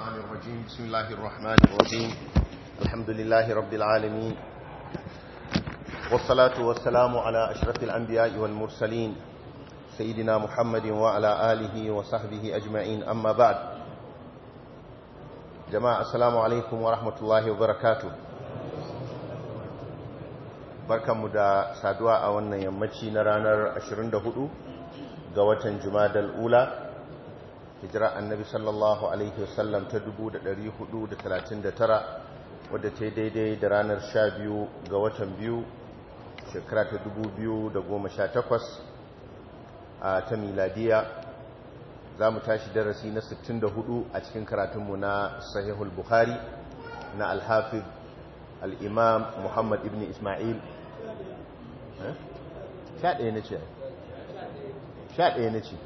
الشيطان الرجيم بسم الله الرحمن الرحيم الحمد لله رب العالمين والصلاة والسلام على أشرف الأنبياء والمرسلين سيدنا محمد وعلى آله وصحبه أجمعين أما بعد جماعة السلام عليكم ورحمة الله وبركاته بركة مدى سادواء وانا يمتشي نرانر أشرن دهدو قوة جمادى الأولى hijira annabi sallallahu alaihi wasallam ta 439 wadda ta daidai da ranar 12 ga watan biyu shekara ta 2018 a ta miladiya za mu tashi darasi na 64 a cikin karatunmu na sahihul bukhari na alhafiz al'imam muhammad ibn ismail eh? sha ɗaya na ce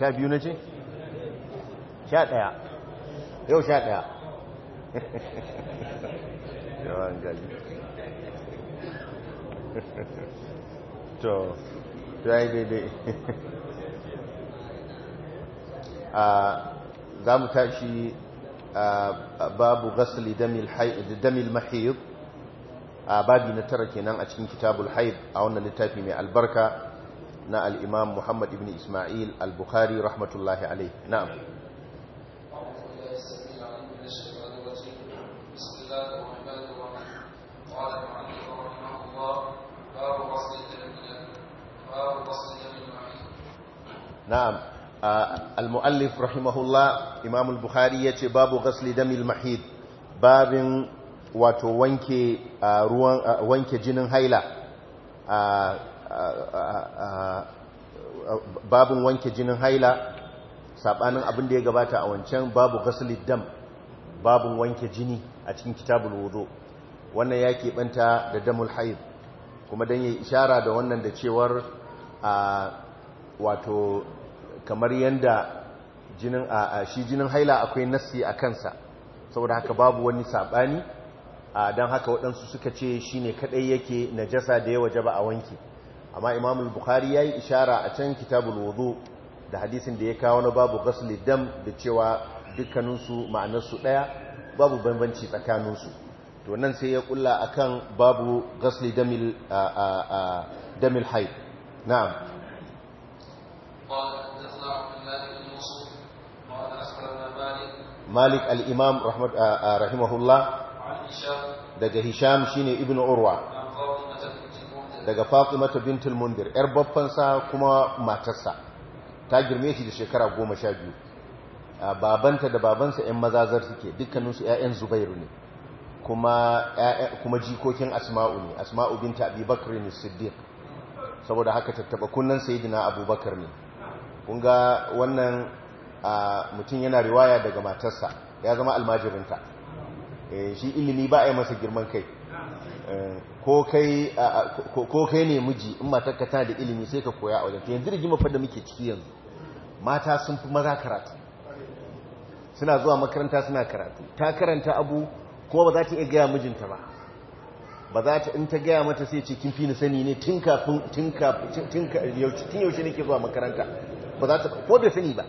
sha biyu na ce? sha ɗaya yau sha ɗaya yawan gari to yi daidai a za mu tashi babu gasali damil mahiyar a babi na tara kenan a cikin kitabul haif a wannan littafi mai albarka na al'imam Muhammad ibn Ismail al-Bukhari rahmatullahi alaihi na'am na'am al-mu'allif rahimahullah imam al-Bukhari yace babu ghasli damil mahid babin wato wanke ruwan wanke jinin haila babin wanke jinin haila sabanin abin da ya gabata a wancan babu ghaslid dam babin wanke jini a cikin kitabul wudu wannan ya keɓanta da damul haid kuma dan yi ishara da wannan da cewar a wato kamar yadda jinin a shi jinin haila akwai nassi a kansa saboda haka babu wani sabani don haka waɗansu suka ce shi ne kaɗai yake najasa da ya waje a wanke. amma imamul al ya yi ishara a can kitabul wudu da hadisin da ya kawo na babu gasli dam da cewa dukkaninsu ma'anarsu ɗaya babu bambanci tsakanin su to nan sai ya kulla akan babu ghasli damil damil hayd na'am مالك الإمام رحمه الله daga Hisham shine ibnu Urwa daga mata bintul Mundir yar babbansa kuma matarsa ta girme shi da shekara goma sha biyu babanta da babansa yan mazazar suke dukkanin su ƴaƴan Zubairu ne kuma jikokin Asma'u ne Asma'u binta abubakar ne Siddiq saboda haka tattaba kunnan sayidina Abubakar ne kun ga wannan mutum yana riwaya daga matarsa ya zama almajirinta eh, shi ilimi ba a yi masa girman kai eh, ko kai ne miji in ka tana da ilimi sai ka koya a wajen ta yanzu gima fadda muke ciki yanzu mata sun fi maza karatu suna zuwa makaranta suna karatu ta karanta abu kuma ba za ta iya gaya mijinta ba ba za ta in ta gaya mata sai ce kin fi ni sani ne tun kafin tun kafin tun yaushe nake zuwa makaranta ba za ta ko da sani ba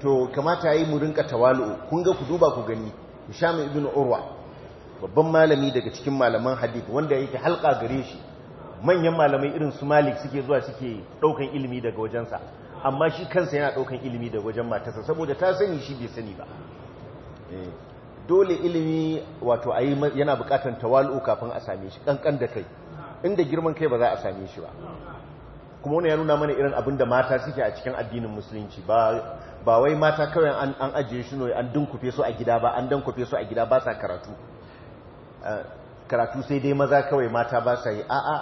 to kamata yi mu rinka tawalu kun ga ku duba ku gani Hisham ibn Urwa babban malami daga cikin malaman hadith wanda yake halka gare shi manyan malamai irin su malik suke zuwa suke daukan ilimi daga wajensa amma shi kansa yana daukan ilimi daga wajen matarsa saboda ta sani shi bai sani ba eh, dole ilimi wato ayi yana bukatar tawalu kafin a same shi kankan da kai inda girman kai ba za a same shi ba kuma wani ya nuna mana irin abin da mata suke a cikin addinin musulunci ba wai mata kawai an ajiye shi ne an dunkufe su a gida ba an dunkufe su a gida ba sa karatu karatu sai dai maza kawai mata ba sa yi a'a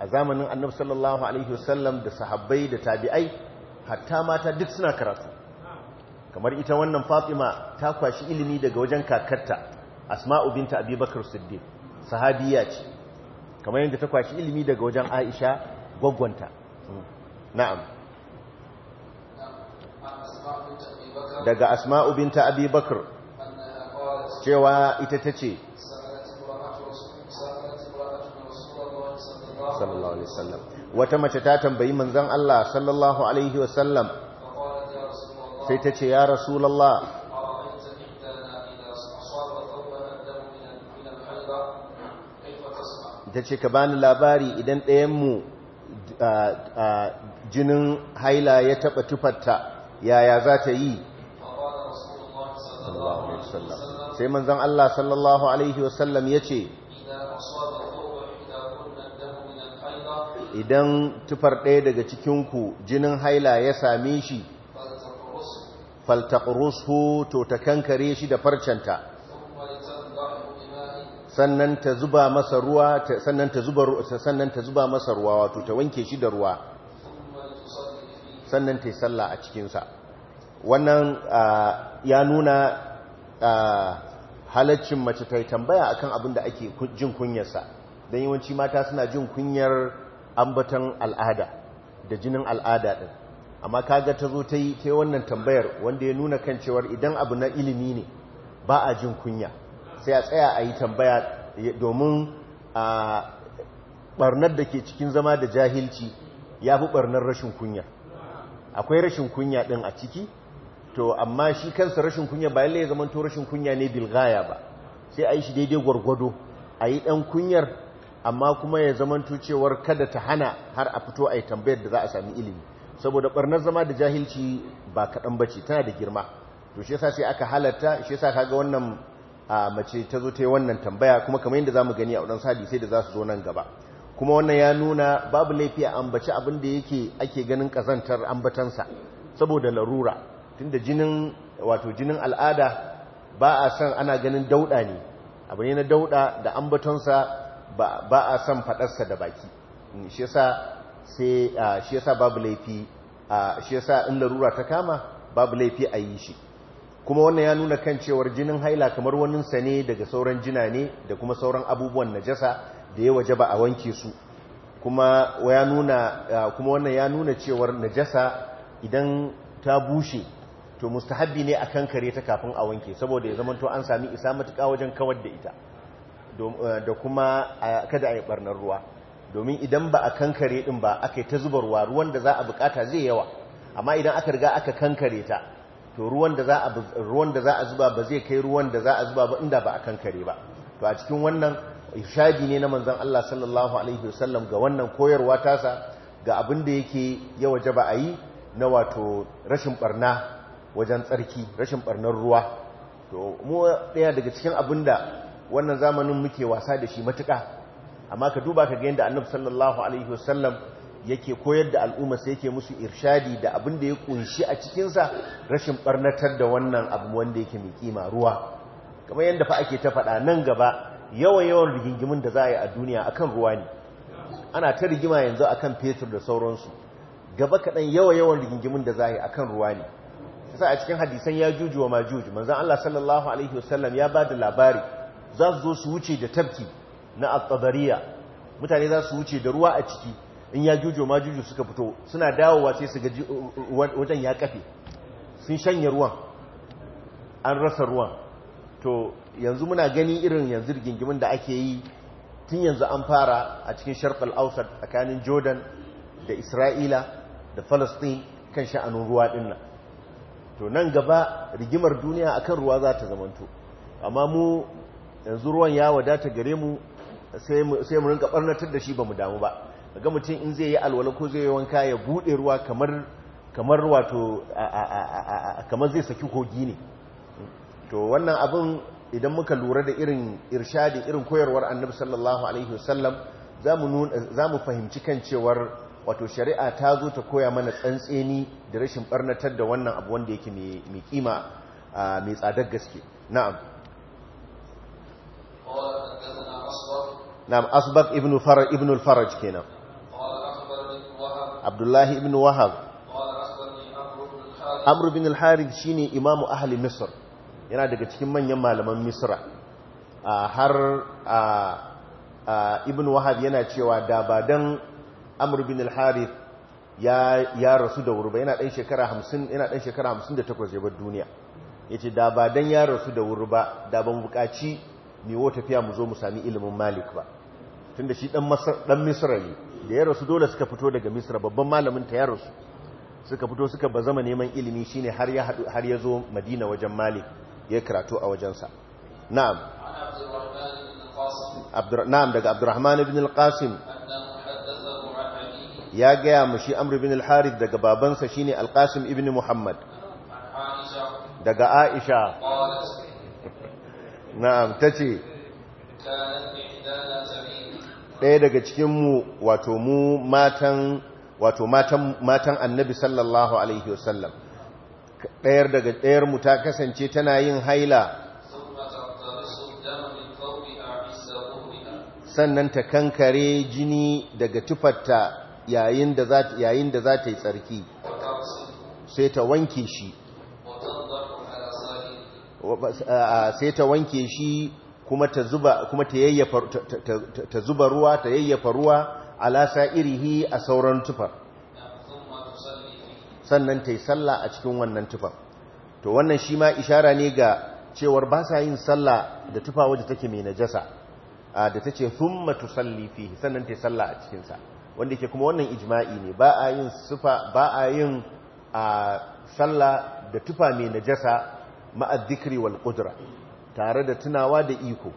a zamanin annabi sallallahu alaihi wasallam da sahabbai da tabi'ai hatta mata duk suna karatu kamar ita wannan Fatima ta kwashi ilimi daga wajen kakarta Asma'u binta Abubakar Siddiq sahabiya ce kamar yadda ta kwashi ilimi daga wajen Aisha gwaggwanta na'am daga Asma'u binta Abubakar cewa ita tace sallallahu alaihi wasallam wata mace ta tambayi manzon Allah sallallahu alaihi wasallam sai ta ce ya rasulullah ta ce ka bani labari idan ɗayan mu jinin haila ya taɓa tufarta yaya za ta yi sai manzan Allah sallallahu Alaihi wasallam ya ce idan tufar ɗaya daga cikinku jinin haila ya same shi faltaqrusu to ta kankare shi da farcanta sannan ta zuba masa ruwa sannan ta wato ta wanke shi da ruwa sannan ta yi sallah a cikinsa. wannan ya nuna halaccin mace ta yi tambaya akan abin da ake jin kunyarsa don yawanci mata suna jin kunyar ambaton al'ada da jinin al'ada ɗin amma kaga ta zo ta yi ta wannan tambayar wanda ya nuna kan cewar idan abu na ilimi ne ba a jin kunya sai a tsaya a yi tambaya domin a barnar da ke cikin zama da jahilci ya fi barnar rashin kunya akwai rashin kunya din a ciki to amma shi kansa rashin kunya ba yalle ya zama to rashin kunya ne bilgaya ba sai a yi shi daidai gwargwado a yi ɗan kunyar amma kuma ya zaman tucewar kada ta hana har a fito a yi tambayar da za a sami ilimi saboda barnar zama da jahilci ba kaɗan ba ce tana da girma to shi yasa sai aka halatta shi yasa kaga wannan a mace ta zo ta yi wannan tambaya kuma kamar yadda za mu gani a sadi sai da za su zo nan gaba kuma wannan ya nuna babu laifi a ambaci abin da yake ake ganin kazantar ambatansa saboda larura tunda jinin wato jinin al'ada ba a san ana ganin dauda ne abu ne na dauɗa da ambatansa. ba a son faɗarsa da baki mm, shi yasa babu laifi shi yasa in larura ta kama babu laifi a yi shi kuma wannan ya nuna kan cewar jinin haila kamar waninsa sane daga sauran jina ne da kuma sauran abubuwan najasa da ya waje ba a wanke su kuma ya nuna kuma wannan ya nuna cewar najasa idan ta bushe to mustahabbi ne akan kare ta kafin a wanke saboda ya zama to an sami isa matuƙa wajen kawar da ita Eh, da kuma kada a yi barnar ruwa domin idan ba a kankare din ba aka yi ta ruwa ruwan da za a bukata zai yawa amma idan aka riga aka kankare ta to ruwan da za a zuba ba zai kai ruwan da za a zuba ba inda ba a kankare ba to a cikin wannan ishadi ne na manzon Allah sallallahu alaihi wasallam ga wannan koyarwa tasa ga abin da yake ya waje ba a yi na wato rashin barna wajen tsarki rashin barnar ruwa to mu daya daga cikin abin da wannan zamanin muke wasa da shi matuka amma ka duba ka ga yadda annabi sallallahu alaihi wasallam yake koyar da al'umma sai yake musu irshadi da abin da ya kunshi a cikinsa rashin barnatar da wannan abu wanda yake mai kima ruwa kamar yadda fa ake ta faɗa nan gaba yawan yawan rigingimin da za a yi a duniya akan ruwa ne ana ta rigima yanzu akan fetur da sauransu gaba kaɗan yawan yawan rigingimin da za a yi akan ruwa ne sai a cikin hadisan ya juju wa majuju manzon Allah sallallahu alaihi wasallam ya ba da labari za su zo su wuce da tabki na al mutane za su wuce da ruwa a ciki in ya jujo ma juju suka fito suna dawowa sai su ga wajen ya kafe sun shanye ruwan an rasa ruwan to yanzu muna gani irin yanzu gingimin da ake yi tun yanzu an fara a cikin sharfal ausar tsakanin jordan da isra'ila da falastin kan sha'anin ruwa dinnan to nan gaba rigimar duniya akan ruwa za ta zamanto amma mu yanzu ruwan ya wadata gare mu sai mu rinka barnatar da shi ba mu damu ba ga mutum in zai yi alwala ko zai yi wanka ya buɗe ruwa kamar kamar wato kamar zai saki kogi ne to wannan abin idan muka lura da irin irshadi irin koyarwar annabi sallallahu alaihi wasallam za mu fahimci kan cewar wato shari'a ta zo ta koya mana tsantseni da rashin barnatar da wannan abu wanda yake mai kima mai tsadar gaske na'am نعم أصبغ ابن, فر... ابن الفرج كنا عبد الله ابن وهب أمر بن الحارث شيني إمام أهل مصر yana daga cikin manyan malaman misra har ibn wahab yana cewa da ba dan amr bin al-harith ya rasu da wurba yana dan shekara 50 yana dan shekara 58 ya bar duniya yace da ba dan ya rasu da wurba da ban bukaci ni wo tafiya mu zo mu sami ilimin malik ba tunda shi ɗan misra ne da ya rasu dole suka fito daga misra babban malamin ta ya rasu suka fito suka zama neman ilimi shine har ya har ya zo madina wajen malik ya karatu a wajensa na'am na'am daga abdurrahman ibn al-qasim ya gaya mu shi amr ibn al-harith daga babansa shine al-qasim ibn muhammad daga aisha na'am tace ce. ɗaya daga cikinmu wato mu matan wato matan matan annabi sallallahu alaihi wasallam ɗayar daga ɗayar mu ta kasance tana yin haila sannan ta kankare jini daga tufarta yayin da za yayin da za ta yi tsarki sai ta wanke shi sai ta wanke shi kuma ta zuba kuma ta yayyafa ta zuba ruwa ta yayyafa ruwa ala sa'irihi a sauran tufar sannan ta yi sallah a cikin wannan tufar to wannan shi ma ishara ne ga cewar ba sa yin sallah da tufa waje take mai najasa da ta ce thumma tusalli fihi sannan ta yi sallah a cikinsa wanda ke kuma wannan ijma'i ne ba a yin sufa ba a yin sallah da tufa mai najasa ma'a dhikri wal qudra tare da tunawa da iko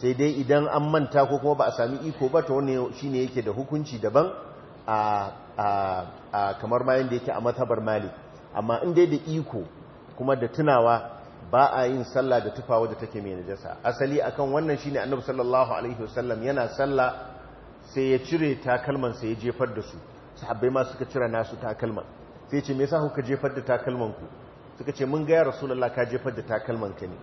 sai dai idan an manta ko kuma ba a sami iko ba ta wani shi ne yake da hukunci daban a kamar mayan da yake a matabar malik amma in dai da iko kuma da tunawa ba a yin sallah da tufawa da take mai najasa asali akan wannan shine annabi sallallahu alaihi wasallam yana sallah sai ya cire takalman sai ya jefar da su sahabbai ma suka cire nasu takalman sai ce me yasa kuka jefar da takalman suka ce mun gaya ya rasulullah ka jefar da takalman ka ne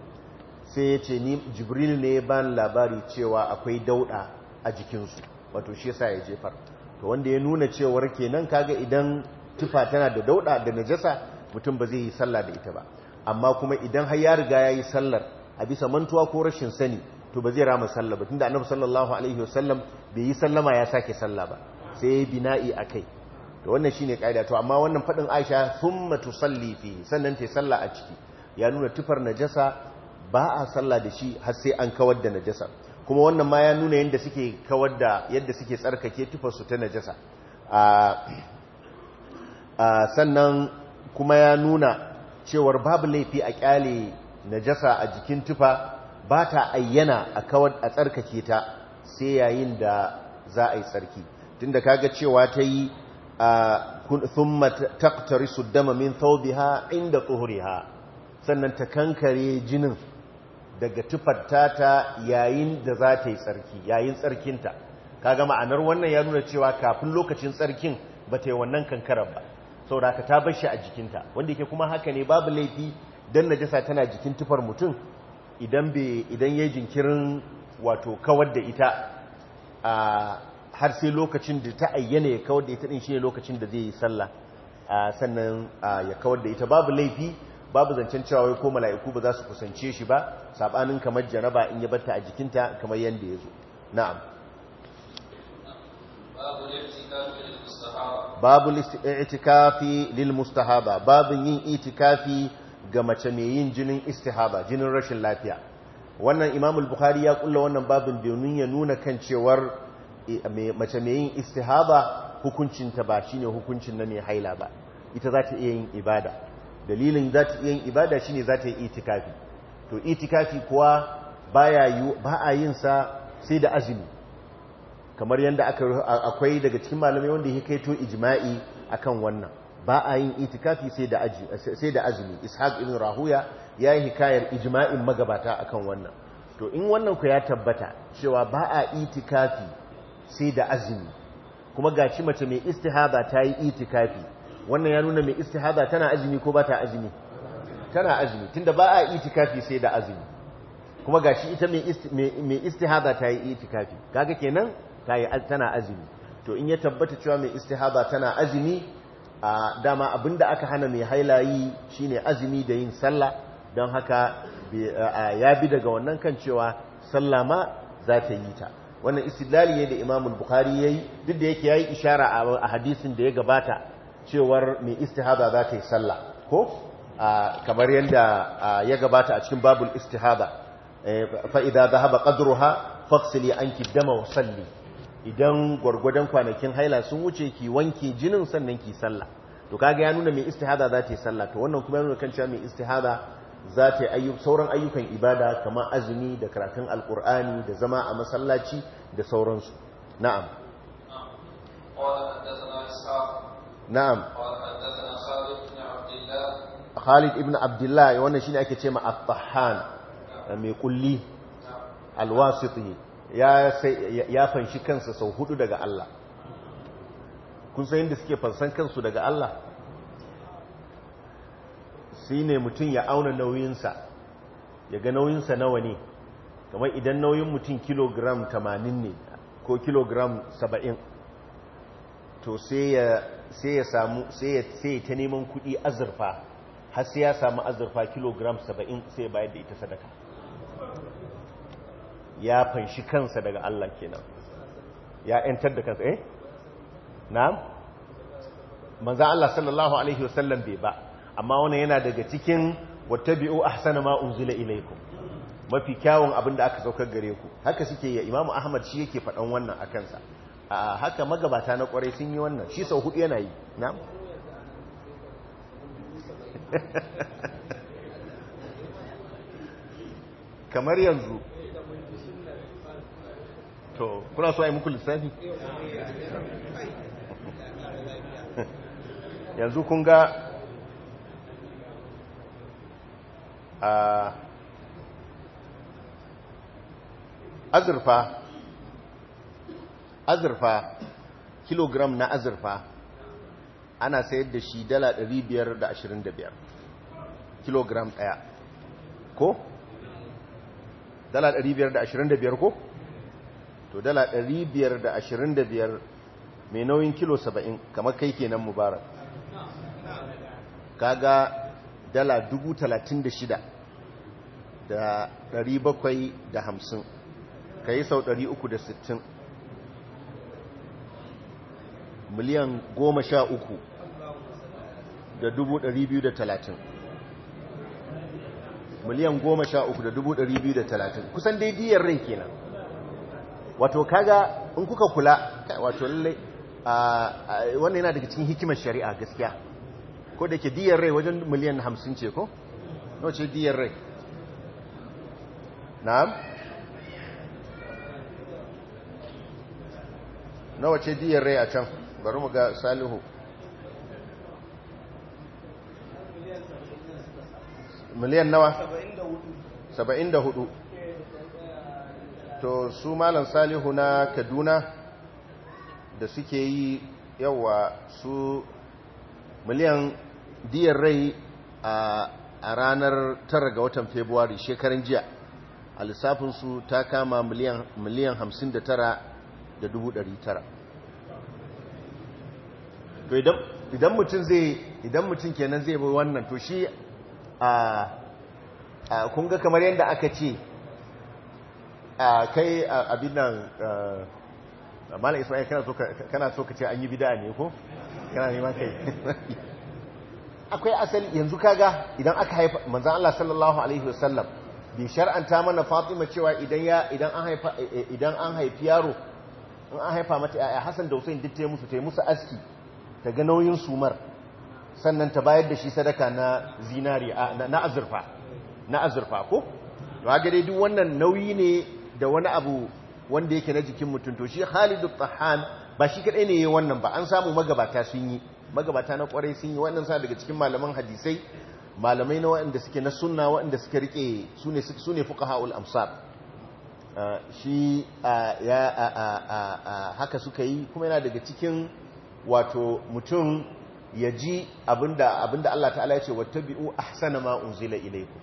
sai ya ce ni jibril ne ya bani labari cewa akwai dauɗa a jikinsu wato shi sa ya jefar to wanda ya nuna cewar kenan kaga idan tufa tana da dauɗa da najasa mutum ba zai yi sallah da ita ba amma kuma idan har ya riga yayi sallar a bisa mantuwa ko rashin sani to ba zai rama sallah ba tunda annabi sallallahu alaihi wasallam bai yi sallama ya sake sallah ba sai yi bina'i kai to wannan shine kaida to amma wannan fadin Aisha thumma tusalli fi sannan ta sallah a ciki ya nuna tufar najasa ba a sallah da shi har sai an kawar da najasa kuma wannan ma ya nuna yadda suke kawar da yadda suke tsarkake tufarsu ta najasa sannan kuma ya nuna cewar babu laifi a kyale najasa a jikin tufa ba ta ayyana a kawar a tsarkake ta sai yayin da za a yi tsarki tunda kaga cewa ta yi thumma taqtarisu dama min thawbiha inda tuhriha sannan ta kankare jinin daga tufarta ta yayin da za ta yi tsarki yayin tsarkinta kaga ma'anar wannan ya nuna cewa kafin lokacin tsarkin ba ta yi wannan kankarar ba saboda ka ta bar shi a jikinta wanda ke kuma haka ne babu laifi dan najasa tana jikin tufar mutum idan bai idan jinkirin wato kawar da ita a har sai lokacin da ta ayyana ya kawar da ita din shine lokacin da zai yi sallah sannan ya kawar da ita babu laifi babu zancen cewa wai ko mala'iku ba za su kusance shi ba sabanin kamar janaba in ya batta a jikinta kamar yanda ya zo na'am babu itikafi lil mustahaba babu yin itikafi ga mace mai yin jinin istihaba jinin rashin lafiya wannan imamul bukhari ya kulla wannan babin domin ya nuna kan cewar mace mai yin istihaba hukuncinta ba shine hukuncin na mai haila ba ita za ta iya yin ibada dalilin za ta iya yin ibada shine za ta yi itikafi to itikafi kuwa ba a yin sa sai da azumi kamar yadda akwai daga cikin malamai wanda ya kaito ijima'i akan wannan ba a yin itikafi sai da azumi ishaq ibn rahuya ya yi hikayar ijma'in magabata akan wannan to in wannan ku ya tabbata cewa ba a itikafi sai da azumi kuma gashi mace mai istihaba ta yi itikafi wannan ya nuna mai istihada tana azumi ko ba ta azumi tana azumi tunda ba a itikafi sai da azumi kuma ga shi ita mai istihada ta yi itikafi kaga kenan ta yi tana azumi to in ya tabbata cewa mai istihada tana azumi a dama abinda aka hana mai hailayi shine azumi da yin sallah don haka ya bi daga wannan kan cewa sallah ma za ta yi ta wannan istidlali ne da Imam Bukhari yi. duk da yake yi ishara a hadisin da ya gabata cewar mai istihada za ta yi sallah ko kamar yadda ya gabata a cikin babul istihada e, fa'ida za haɓa ha faksili an ki dama salli idan gwargwadon kwanakin haila sun wuce ki wanke jinin sannan ki sallah to kaga ya nuna mai istihada za ta yi sallah to wannan kuma ya kan cewa mai istihada za ta yi sauran ayyukan ibada kamar azumi da karatun alkur'ani da zama a masallaci da sauransu na'am na'am Khalid ibn Abdullah wannan shine ake cewa At-Tahhan mai kulli Al-Wasiti ya ya fanshi kansa sau hudu daga Allah kun san inda suke fansan kansu daga Allah shine mutum ya auna nauyinsa ya ga nauyin sa nawa ne kamar idan nauyin mutum kilogram 80 ne ko kilogram 70 to sai ya sai ya samu sai ya ta neman kuɗi azurfa har sai ya samu azurfa kilogram 70 sai ya bayar da ita sadaka ya fanshi kansa daga Allah kenan ya ‘yantar da kansa eh na'am manzo Allah sallallahu Alaihi wasallam bai ba amma wani yana daga cikin wattabi'u ahsana ma unzila ilaikum mafi kyawun abin da aka saukar gare ku haka suke ya imamu ahmad shi yake faɗan wannan a kansa a haka magabata na kwarai sun yi wannan shi sau hudu yana yi na kamar yanzu to kuna so a yi muku lissafi yanzu kun ga a azurfa azurfa kilogram na azurfa ana sayar da shi dala 525 kilogram daya ko? dala 525 ko? to dala 525 mai nauyin kilo 70 kamar kai kenan mubarak kaga dala 36 da 750 ka yi sau 360 miliyan goma sha uku da dubu ɗari biyu da talatin miliyan goma sha uku da dubu ɗari biyu da talatin kusan daidiyar rai kenan wato kaga in kuka kula wato lallai wannan yana daga cikin hikimar shari'a gaskiya ko da ke diyar rai wajen miliyan hamsin ce ko? no ce diyar rai na'am? nawa ce diyar rai a can? bari mu ga salihu miliyan nawa 74 to su malam salihu na kaduna da suke yi yawa su miliyan diyar rai a ranar 9 ga watan februari shekarun jiya a lissafinsu ta kama miliyan 59 da 900 to idan mutum zai idan mutum kenan zai bai wannan to shi a kun ga kamar yadda aka ce a kai abin nan malam isma'il kana so ka ce an yi bida ne ko kana neman kai akwai asali yanzu kaga idan aka haifa manzan Allah sallallahu alaihi wasallam bi shar'anta mana Fatima cewa idan ya idan an haifa idan an haifi yaro in an haifa mata yaya Hassan da Hussein duk ta musu ta musu aski ta ga nauyin sumar sannan ta bayar da shi sadaka na zinari na azurfa na azurfa ko to haka dai duk wannan nauyi ne da wani abu wanda yake na jikin mutum to shi Khalid al-Tahan ba shi kadai ne yayin wannan ba an samu magabata sun yi magabata na kwarai sun yi wannan sa daga cikin malaman hadisai malamai na waɗanda suke na sunna waɗanda suke rike sune sune fuqahaul amsar uh, shi uh, ya uh, haka suka yi kuma yana daga cikin wato mutum ya ji abinda abinda Allah ta'ala ya ce a ahsana ma zila ilaykum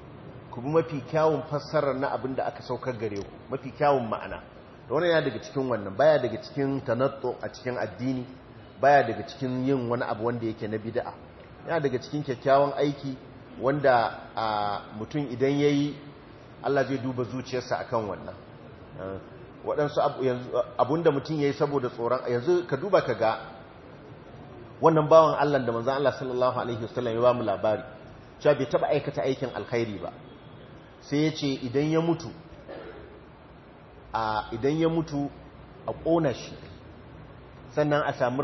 ku bi mafi kyawun fassarar na abinda aka saukar gare ku mafi kyawun ma'ana da wani ya daga cikin wannan baya daga cikin tanatto a cikin addini baya daga cikin yin wani abu wanda yake na bida'a Ya daga cikin kyakkyawan aiki wanda mutum idan ya yi Allah zai duba zuciyarsa a kan wannan waɗansu abunda mutum ya yi saboda tsoron yanzu ka duba ka ga wannan bawan Allah da manzan Allah sallallahu alaihi wasallam ya ba mu labari cewa bai taba aikata aikin alkhairi ba sai ya ce idan ya mutu a idan a shi sannan a sami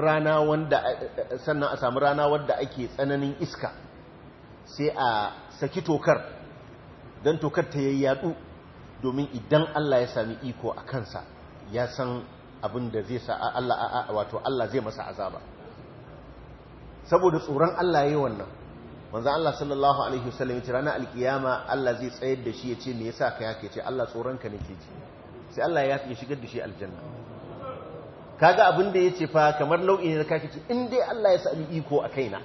rana wanda ake tsananin iska sai a saki tokar don tokar ta yayi yayyadu domin idan Allah ya sami iko a kansa ya san abin da zai sa wato Allah zai masa azaba saboda tsoron Allah ya yi wannan wanzu Allah sallallahu alaihi wasallam ce, ranar alkiyama Allah zai tsayar da shi ya yace me yasa ka yake ce Allah tsoron ka nake ce sai Allah ya shigar da shi aljanna kaga abin da ya ce fa kamar nau'i ne kake ce in dai Allah ya sami iko a kaina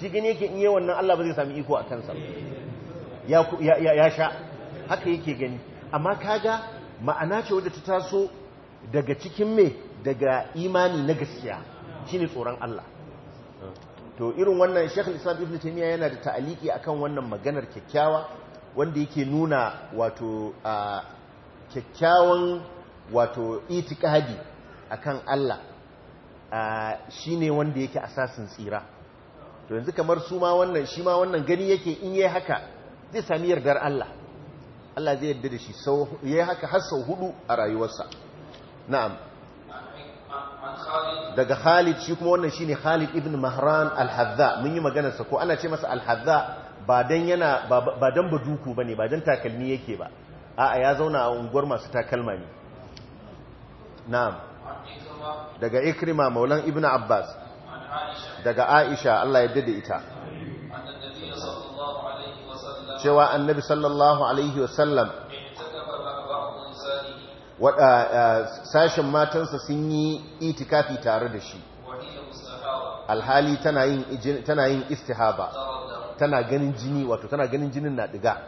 shi gani yake in yi wannan Allah ba zai sami iko a kansa ya sha haka yake gani amma ka ga ma'ana ce wadda ta taso daga cikin mai daga imani na gaskiya shine tsoron Allah to irin wannan shekul islam ibn taimiyya yana da ta'aliki akan wannan maganar kyakkyawa wanda yake nuna wato a kyakkyawan wato itikadi akan Allah shi ne wanda yake asasin tsira to yanzu kamar su ma wannan shi ma wannan gani yake in yi haka zai sami yardar Allah Allah zai yarda da shi yayi haka har sau hudu a rayuwarsa na'am daga Khalid shi kuma wannan shine Khalid ibn Mahran al-Hadza mun yi maganar sa ko ana ce masa al-Hadza ba dan yana ba dan baduku bane ba dan takalmi yake ba a'a ya zauna a unguwar masu takalma ne na'am daga Ikrima maulan Ibn Abbas daga Aisha Allah ya dade ita cewa annabi sallallahu alaihi wasallam Eh, sashen matansa sun yi itikafi tare da shi alhali tana yin istihaba tana ganin jini wato tana ganin jinin na diga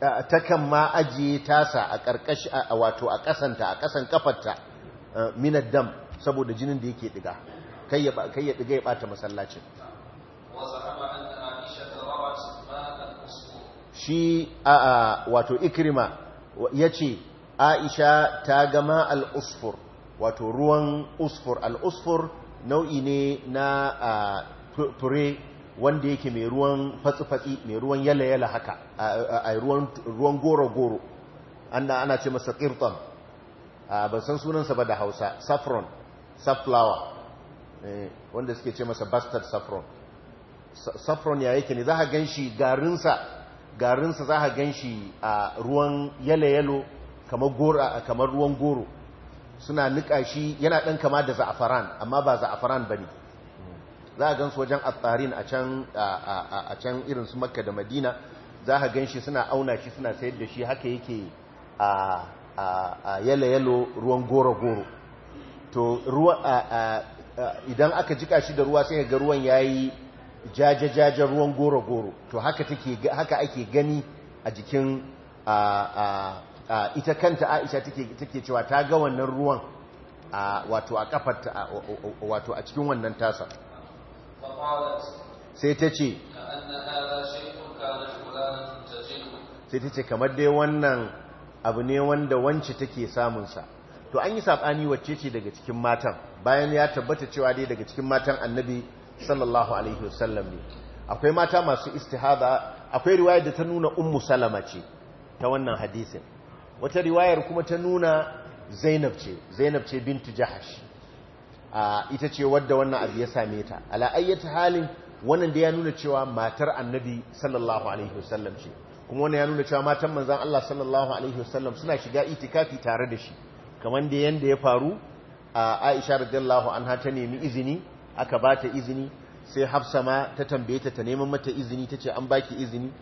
eh, takan ma ajiye tasa a ƙarƙashi wato a kasanta a kasan kafarta eh, minar dam saboda jinin da yake diga kai ya diga ya bata masallacin shi a wato ikrima ya ce aisha ta gama al'usfur wato ruwan usfur al'usfur nau'i ne na fure wanda yake mai ruwan fatsi-fatsi mai ruwan yala-yala haka a ruwan goro-goro ana ce masa kirtan ban san sunansa ba da hausa saffron safflower eh, wanda suke ce masa bastard saffron saffron ya yake ne za a gan shi garinsa garinsa za a gan shi a ruwan yalo-yalo kamar ruwan goro suna nika shi yana ɗan kama da za'afaran amma ba za'afaran ba ne za a gansu wajen attarin a can irin su makka da madina za a gan shi suna auna shi suna sayar da shi haka yake a yalo-yalo ruwan goro-goro to ruwa, idan aka jika shi da ruwa sai ga ruwan ya yi jaje ruwan goro-goro to haka take haka ake gani a jikin ita kanta Aisha take take cewa ta ga wannan ruwan wato a kafarta wato a cikin wannan tasa sai ta ce sai ta ce kamar dai wannan abu ne wanda wance take samun sa, to an yi saɓani wacce ce daga cikin matan bayan ya tabbata cewa dai daga cikin matan annabi sallallahu alaihi wasallam ne akwai mata masu istihada akwai riwayar da ta nuna ummu salama ce ta wannan hadisin wata riwayar kuma ta nuna zainab ce zainab ce bintu jahash ita ce wadda wannan abu ya same ta ala ayyata halin wannan da ya nuna cewa matar annabi sallallahu alaihi wasallam ce kuma wannan ya nuna cewa matan manzan Allah sallallahu alaihi wasallam suna shiga itikafi tare da shi kamar da yanda ya faru a Aisha radhiyallahu anha ta nemi izini aka ba ta izini sai hafsa ma ta tambaye ta ta neman mata izini ta ce an ba ki izini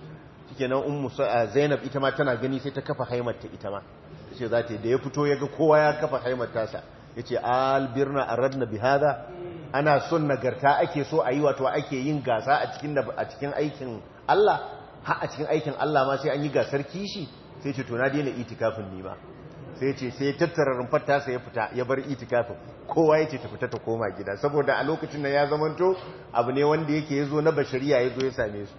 take nan ummu zainab ita ma tana gani sai ta kafa haimarta ita ma ta ce za ta yi da ya fito ya ga kowa ya kafa haimarta sa ya ce albirna a radna bihada ana son nagarta ake so a yi wato ake yin gasa a cikin aikin Allah ha a cikin aikin Allah ma sai an yi gasar kishi sai ce to na daina itikafin ni ma sai ce sai tattara rumfar tasa ya fita ya bar itikafin kowa ya ce ta fita ta koma gida saboda a lokacin da ya zamanto abu ne wanda yake ya zo na bashariya yazo ya same su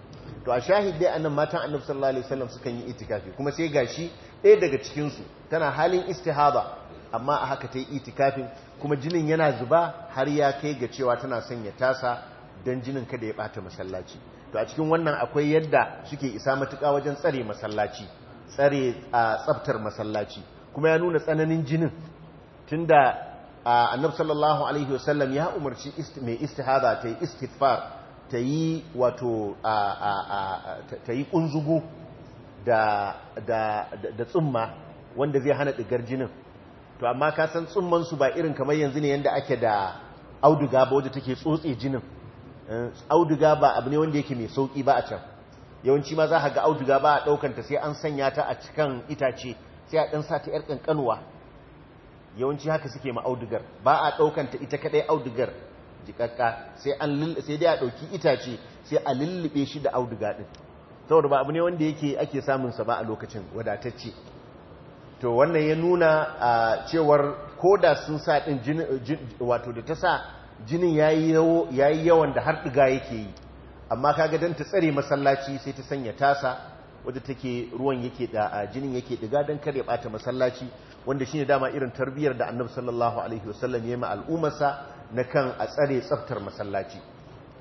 to a shahid dai annan matan annabi sallallahu alaihi wasallam sukan yi itikafi kuma sai gashi ɗaya daga cikin su tana halin istihaba amma a haka ta yi itikafin kuma jinin yana zuba har ya kai ga cewa tana sanya tasa don jinin kada ya bata masallaci to a cikin wannan akwai yadda suke isa matuƙa wajen tsare masallaci tsare a tsaftar masallaci kuma ya nuna tsananin jinin tunda annabi sallallahu alaihi wasallam ya umarci mai istihada ta yi istifar ta yi wato ta yi da tsumma wanda zai hana digar jinin to amma ka san tsumman su ba irin kamar yanzu ne yadda ake da auduga ba wadda take tsotse jinin eh, auduga ba abu ne wanda yake mai sauki ba a can yawanci ma za a ga auduga ba a ɗaukanta sai an sanya ta a cikin itace sai a ɗan sata ‘yar ƙanƙanuwa yawanci haka suke ma'audugar ba a ɗaukanta ita kaɗai audugar jikakka sai dai a ɗauki itace sai a lullube shi da auduga ɗin saboda ba abu ne wanda yake ake samunsa ba a lokacin wadatacce to wannan ya nuna a cewar koda sun sa ɗin wato da ta sa jinin ya yi yawan da har ɗiga yake yi amma kaga don ta tsare masallaci sai ta sanya tasa wadda take ruwan yake da jinin yake ɗiga don kar ya bata masallaci wanda shine dama irin tarbiyar da annabi sallallahu alaihi wasallam ya yi ma al'ummarsa na kan a tsare tsaftar masallaci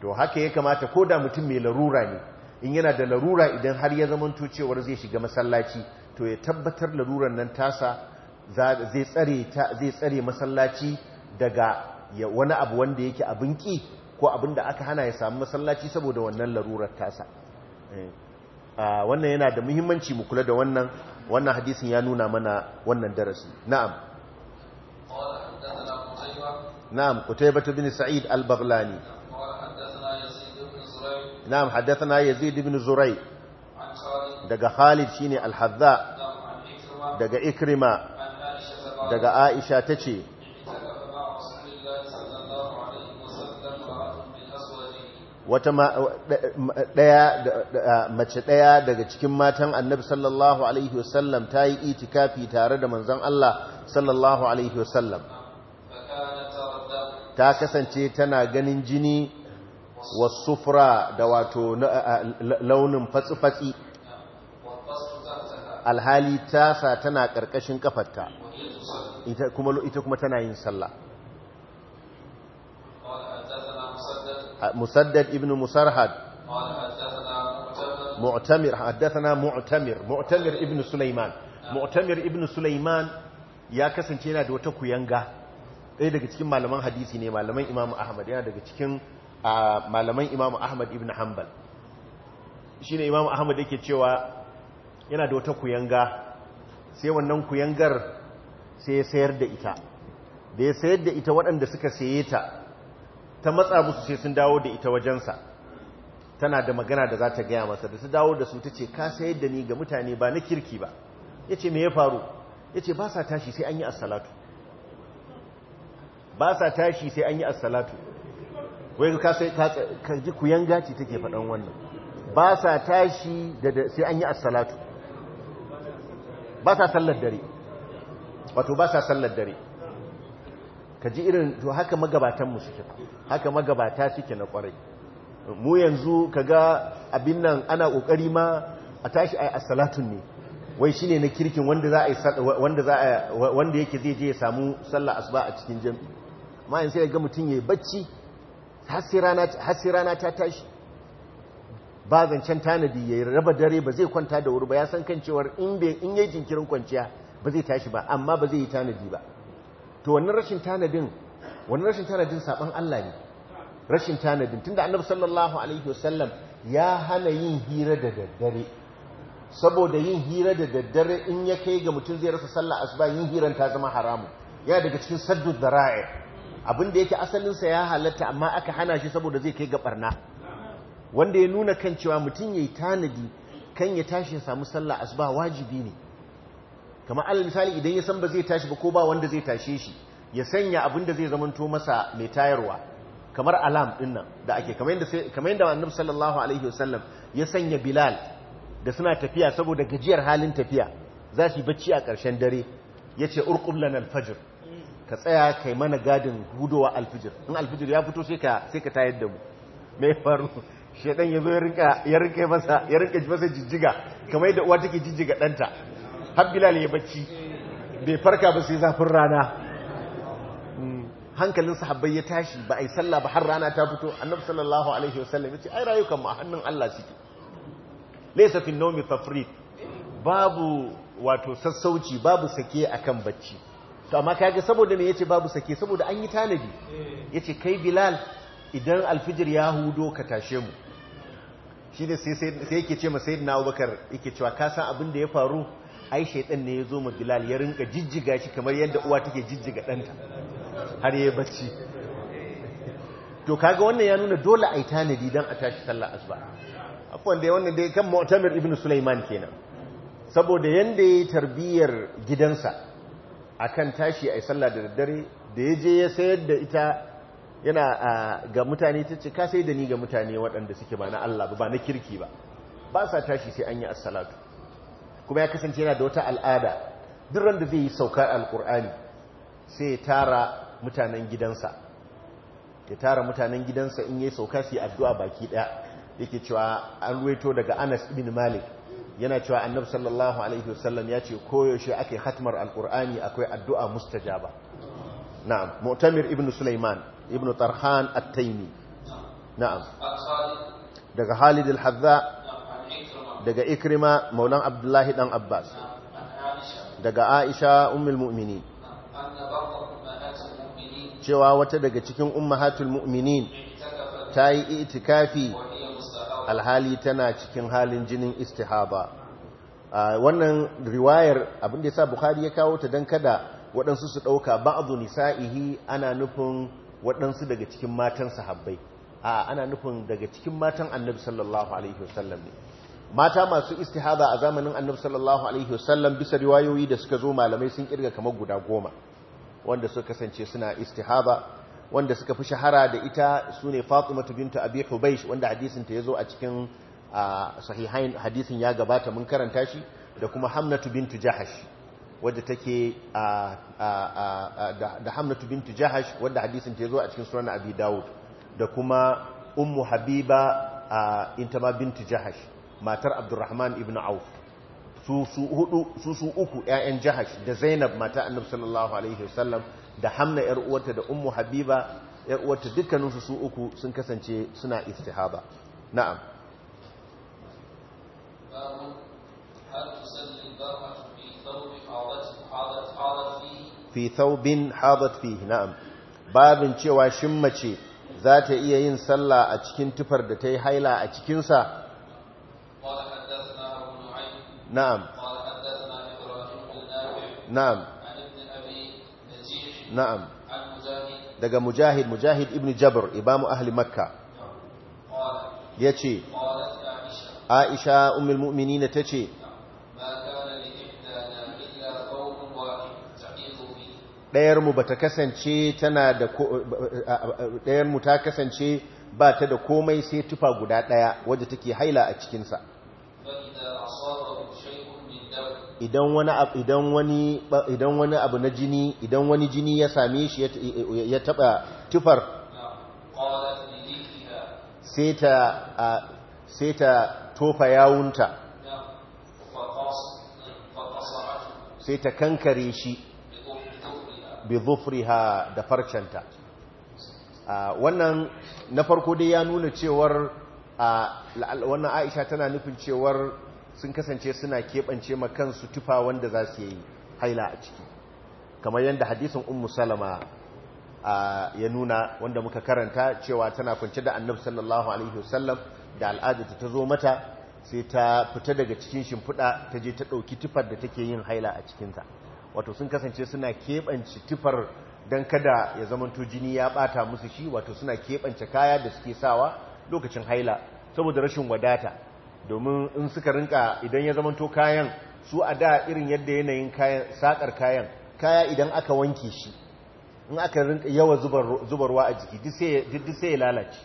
to haka ya kamata ko da mutum mai larura ne in yana da larura idan har ya zamanto cewar zai shiga masallaci to ya tabbatar laruran nan tasa zai tsare masallaci daga wani abu wanda yake abin ki ko abin da aka hana ya samu masallaci saboda wannan larurar tasa eh. wannan yana da muhimmanci mu kula da wannan wannan hadisin ya nuna mana wannan darasi na'am na'am kutayba bin sa'id al-baghlani na'am hadathana yazid ibn zuray daga khalid shine al-hadza daga ikrima daga aisha tace wata mace ɗaya daga cikin matan annabi sallallahu alaihi wasallam ta yi itikafi tare da manzon Allah sallallahu alaihi wasallam ta kasance tana ganin jini wasufra da wato launin fatsi-fatsi alhali tasa tana ƙarƙashin kafarta ita kuma tana yin sallah مسدد ابن مسرهد معتمر حدثنا معتمر معتمر ابن سليمان معتمر ابن سليمان ya kasance yana da wata kuyanga ɗaya daga cikin malaman hadisi ne malaman imamu ahmad yana daga cikin malaman imamu ahmad ibn hanbal shi ne imamu ahmad yake cewa yana da wata kuyanga sai wannan kuyangar sai ya sayar da ita da ya sayar da ita waɗanda suka saye ta ta matsa musu sai sun dawo da ita wajensa tana da magana da za ta gaya masa da su dawo da su ta ce ka sayar da ni ga mutane ba na kirki ba ya ce me ya faru ya ce ba sa tashi sai an yi assalatu ba sa tashi sai an yi assalatu wai ka ji yan gaci take faɗan wannan ba sa tashi sai an yi assalatu ba sa sallar dare wato ba sa sallar dare ka ji irin to haka magabatanmu suke haka magabata suke na kwarai mu yanzu ka ga abin nan ana kokari ma a tashi ai as ne wai shine na kirkin wanda za a wanda za a wanda yake zai je ya samu sallah asuba a cikin jami'a? amma in sai ga mutun yayi bacci har sai rana ta tashi ba zancen tanadi ya raba dare ba zai kwanta da wuri ba ya san kan cewar in bai in yayi jinkirin kwanciya ba zai tashi ba amma ba zai yi tanadi ba to wannan rashin tanadin wannan rashin tanadin saban Allah ne rashin tanadin tunda annabi sallallahu alaihi wasallam ya hana yin hira da daddare saboda yin hira da daddare in ya kai ga mutum zai rasa sallah asuba yin hiran ta zama haramu ya daga cikin saddu dara'i abin da yake asalin sa ya halatta amma aka hana shi saboda zai kai ga barna wanda ya nuna kan cewa mutum yayi tanadi kan ya tashi ya samu sallah asuba wajibi ne kamar alal misali idan ya san ba zai tashi ba ko ba wanda zai tashe shi ya sanya abin da zai zamanto masa mai tayarwa kamar alam din nan da ake kamar yadda kamar annabi sallallahu alaihi wasallam ya sanya bilal da suna tafiya saboda gajiyar halin tafiya za su yi bacci a ƙarshen dare yace ce lana alfajir. ka tsaya kai mana gadin hudowa alfijir in alfijir ya fito sai ka tayar da mu mai faru shaidan ya zo ya rinka masa masa jijjiga kamar yadda uwa take jijjiga ɗanta. har bilal ya bacci bai farka ba sai zafin rana hmm. hankalin sahabbai ya tashi ba a yi sallah ba har rana ta fito annabi sallallahu alaihi wasallam ya ce ai rayukan mu a hannun Allah suke laysa fi nawmi tafrid babu wato sassauci babu sake akan bacci to amma kage saboda me yace babu sake saboda an yi tanadi yace kai bilal idan alfijir ya hudo ka tashe mu shine sai sai yake ce ma sayyidina abubakar yake cewa ka san abin da ya faru ai shaidan ne ya zo ma bilal ya rinka jijjiga shi kamar yadda uwa take jijjiga ɗanta har ya bacci to kaga wannan ya nuna dole a yi tanadi don a tashi sallah asuba akwai dai wannan dai kan mu'tamir ibn sulaiman kenan saboda yadda ya yi tarbiyyar gidansa a kan tashi a yi sallah da daddare da ya je ya sayar da ita yana ga mutane ta ce ka sai da ni ga mutane waɗanda suke ba na Allah ba ba na kirki ba ba sa tashi sai an yi assalatu kuma ya kasance yana da wata al'ada duk randa zai yi saukar alkur'ani sai ya tara mutanen gidansa ya tara mutanen gidansa in yayi sauka su yi addu'a baki ɗaya yake cewa an ruwaito daga Anas ibn Malik yana cewa Annabi sallallahu alaihi wasallam ya ce koyaushe ake hatmar alkur'ani akwai addu'a mustajaba na'am Mu'tamir ibn Sulaiman ibn Tarhan at-Taymi na'am daga Khalid al-Hadza daga ikrima maulan abdullahi dan abbas daga aisha ummul mu'minin cewa wata daga cikin ummahatul mu'minin ta yi itikafi alhali tana cikin halin jinin istihaba wannan riwayar abin da yasa bukhari ya kawo ta dan kada waɗansu su ɗauka ba'dhu nisa'ihi ana nufin waɗansu daga cikin matan sahabbai a ana nufin daga cikin matan annabi sallallahu alaihi wasallam ne mata masu istihada a zamanin annabi sallallahu alaihi wasallam bisa riwayoyi da suka zo malamai sun kirga kamar guda goma wanda suka kasance suna istihada wanda suka fi shahara da ita sune Fatimatu bintu Abi Hubaysh wanda hadisin ta yazo a cikin sahihain hadisin ya gabata mun karanta shi da kuma Hamnatu bintu Jahash wadda take da Hamnatu bintu Jahash wanda hadisin ta yazo a cikin sunan Abi Dawud da kuma Ummu Habiba intama bintu Jahash matar abdurrahman ibn auf su su uku ƴaƴan jahash da zainab mata annabi sallallahu alaihi wasallam da hamna yar uwarta da ummu habiba yar uwarta dukkanin su su uku sun kasance suna istihaba na'am fi thawbin hadat fihi na'am babin cewa shin mace za ta iya yin sallah a cikin tufar da ta yi haila a cikinsa نعم نعم نعم daga mujahid mujahid ibn جبر imamu ahli makka ya ce aisha المؤمنين تتي ta ce ɗayarmu ba ta kasance tana da ɗayarmu ta kasance ba ta da komai sai tufa guda ɗaya wadda take haila a cikinsa idan wani abu idan wani abu na jini idan wani jini ya same shi ya taba tufar sai ta sai ta tofa yawunta sai ta kankare shi bi zufriha da farcanta wannan na farko dai ya nuna cewar wannan Aisha tana nufin cewar sun kasance suna keɓance ma kansu tufa wanda za su yi haila a ciki kamar yadda hadisin ummu salama ya nuna wanda muka karanta cewa tana kwance da annabi sallallahu alaihi wasallam da al'adata ta zo mata sai ta fita daga cikin shimfiɗa ta je ta ɗauki tufar da take yin haila a cikinta wato sun kasance suna keɓance tufar don kada ya zamanto jini ya ɓata musu shi wato suna keɓance kaya da suke sawa lokacin haila saboda rashin wadata domin in suka rinka idan ya zamanto kayan su a da irin yadda yanayin kayan sakar kayan kaya idan aka wanke shi in aka rinka yawa zubarwa a jiki duk sai ya lalace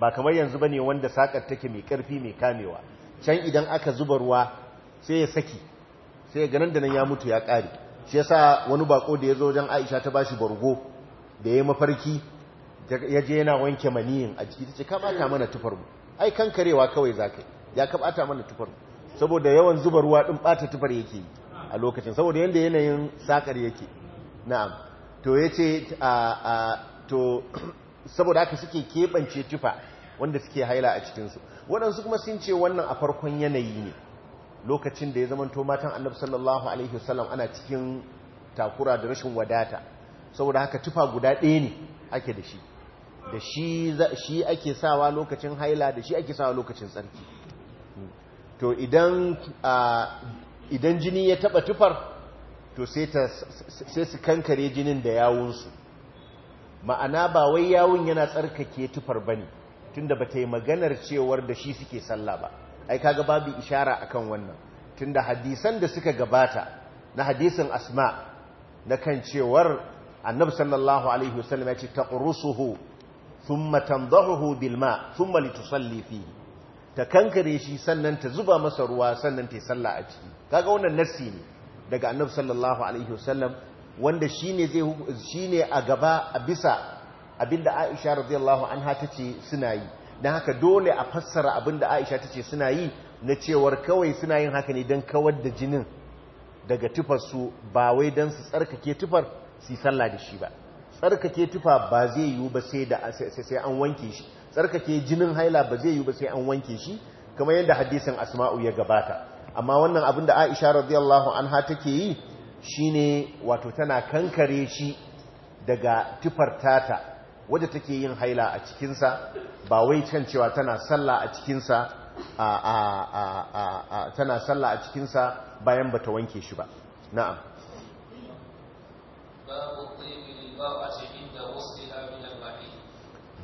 ba kamar yanzu ba ne wanda sakar take mai karfi mai kamewa can idan aka zubarwa sai ya saki sai ya ganin da nan ya mutu ya kare shi ya sa wani bako da ya zo wajen Aisha ta bashi bargo da ya mafarki ya je yana wanke maniyin a jiki ta ce bata mana tufarmu. ai kankarewa kawai za ya ka ɓata mana tufar saboda yawan zuba ruwa ɗin bata tufar yake a lokacin saboda yadda yanayin sakar yake na'am to ya ce to saboda haka suke keɓance tufa wanda suke haila a cikin su waɗansu kuma sun ce wannan a farkon yanayi ne lokacin da ya zamanto matan annabi sallallahu alaihi wasallam ana cikin takura da rashin wadata saboda haka tufa guda ɗaya ne ake da shi da shi ake sawa lokacin haila da shi ake sawa lokacin tsarki to idan jini ya taba tufar to sai su kankare jinin da yawunsu ma'ana ba wai yawun yana tsarkake tufar ba ne tunda ba ta yi maganar cewar da shi suke sallah ba ai kaga babu ishara akan wannan tunda hadisan da suka gabata na hadisin asma na kan cewar annabi sallallahu alaihi wasallam ya ce taqrusuhu thumma tandahu bilma ma thumma litusalli fihi ta kankare shi sannan ta zuba masa ruwa sannan ta sallah ciki kaga wannan nassi ne daga annabi sallallahu alaihi wasallam wanda shine zai shine a gaba a bisa abinda Aisha radiyallahu anha tace suna yi dan haka dole a fassara abinda Aisha tace suna yi na cewar kawai suna yin haka ne dan kawar da jinin daga su ba wai dan su tsarkake tufar su yi sallah da shi ba tsarkake tufa ba zai yiwu ba sai da sai an wanke shi tsarkake jinin haila ba zai yiwu ba sai an wanke shi kamar yadda hadisin asma'u ya gabata amma wannan abin da Aisha radiyallahu anha take yi shine wato tana kankare shi daga tufar tata wadda take yin haila a cikinsa ba wai can cewa tana sallah a cikinsa a tana sallah a cikinsa bayan bata wanke shi ba na'am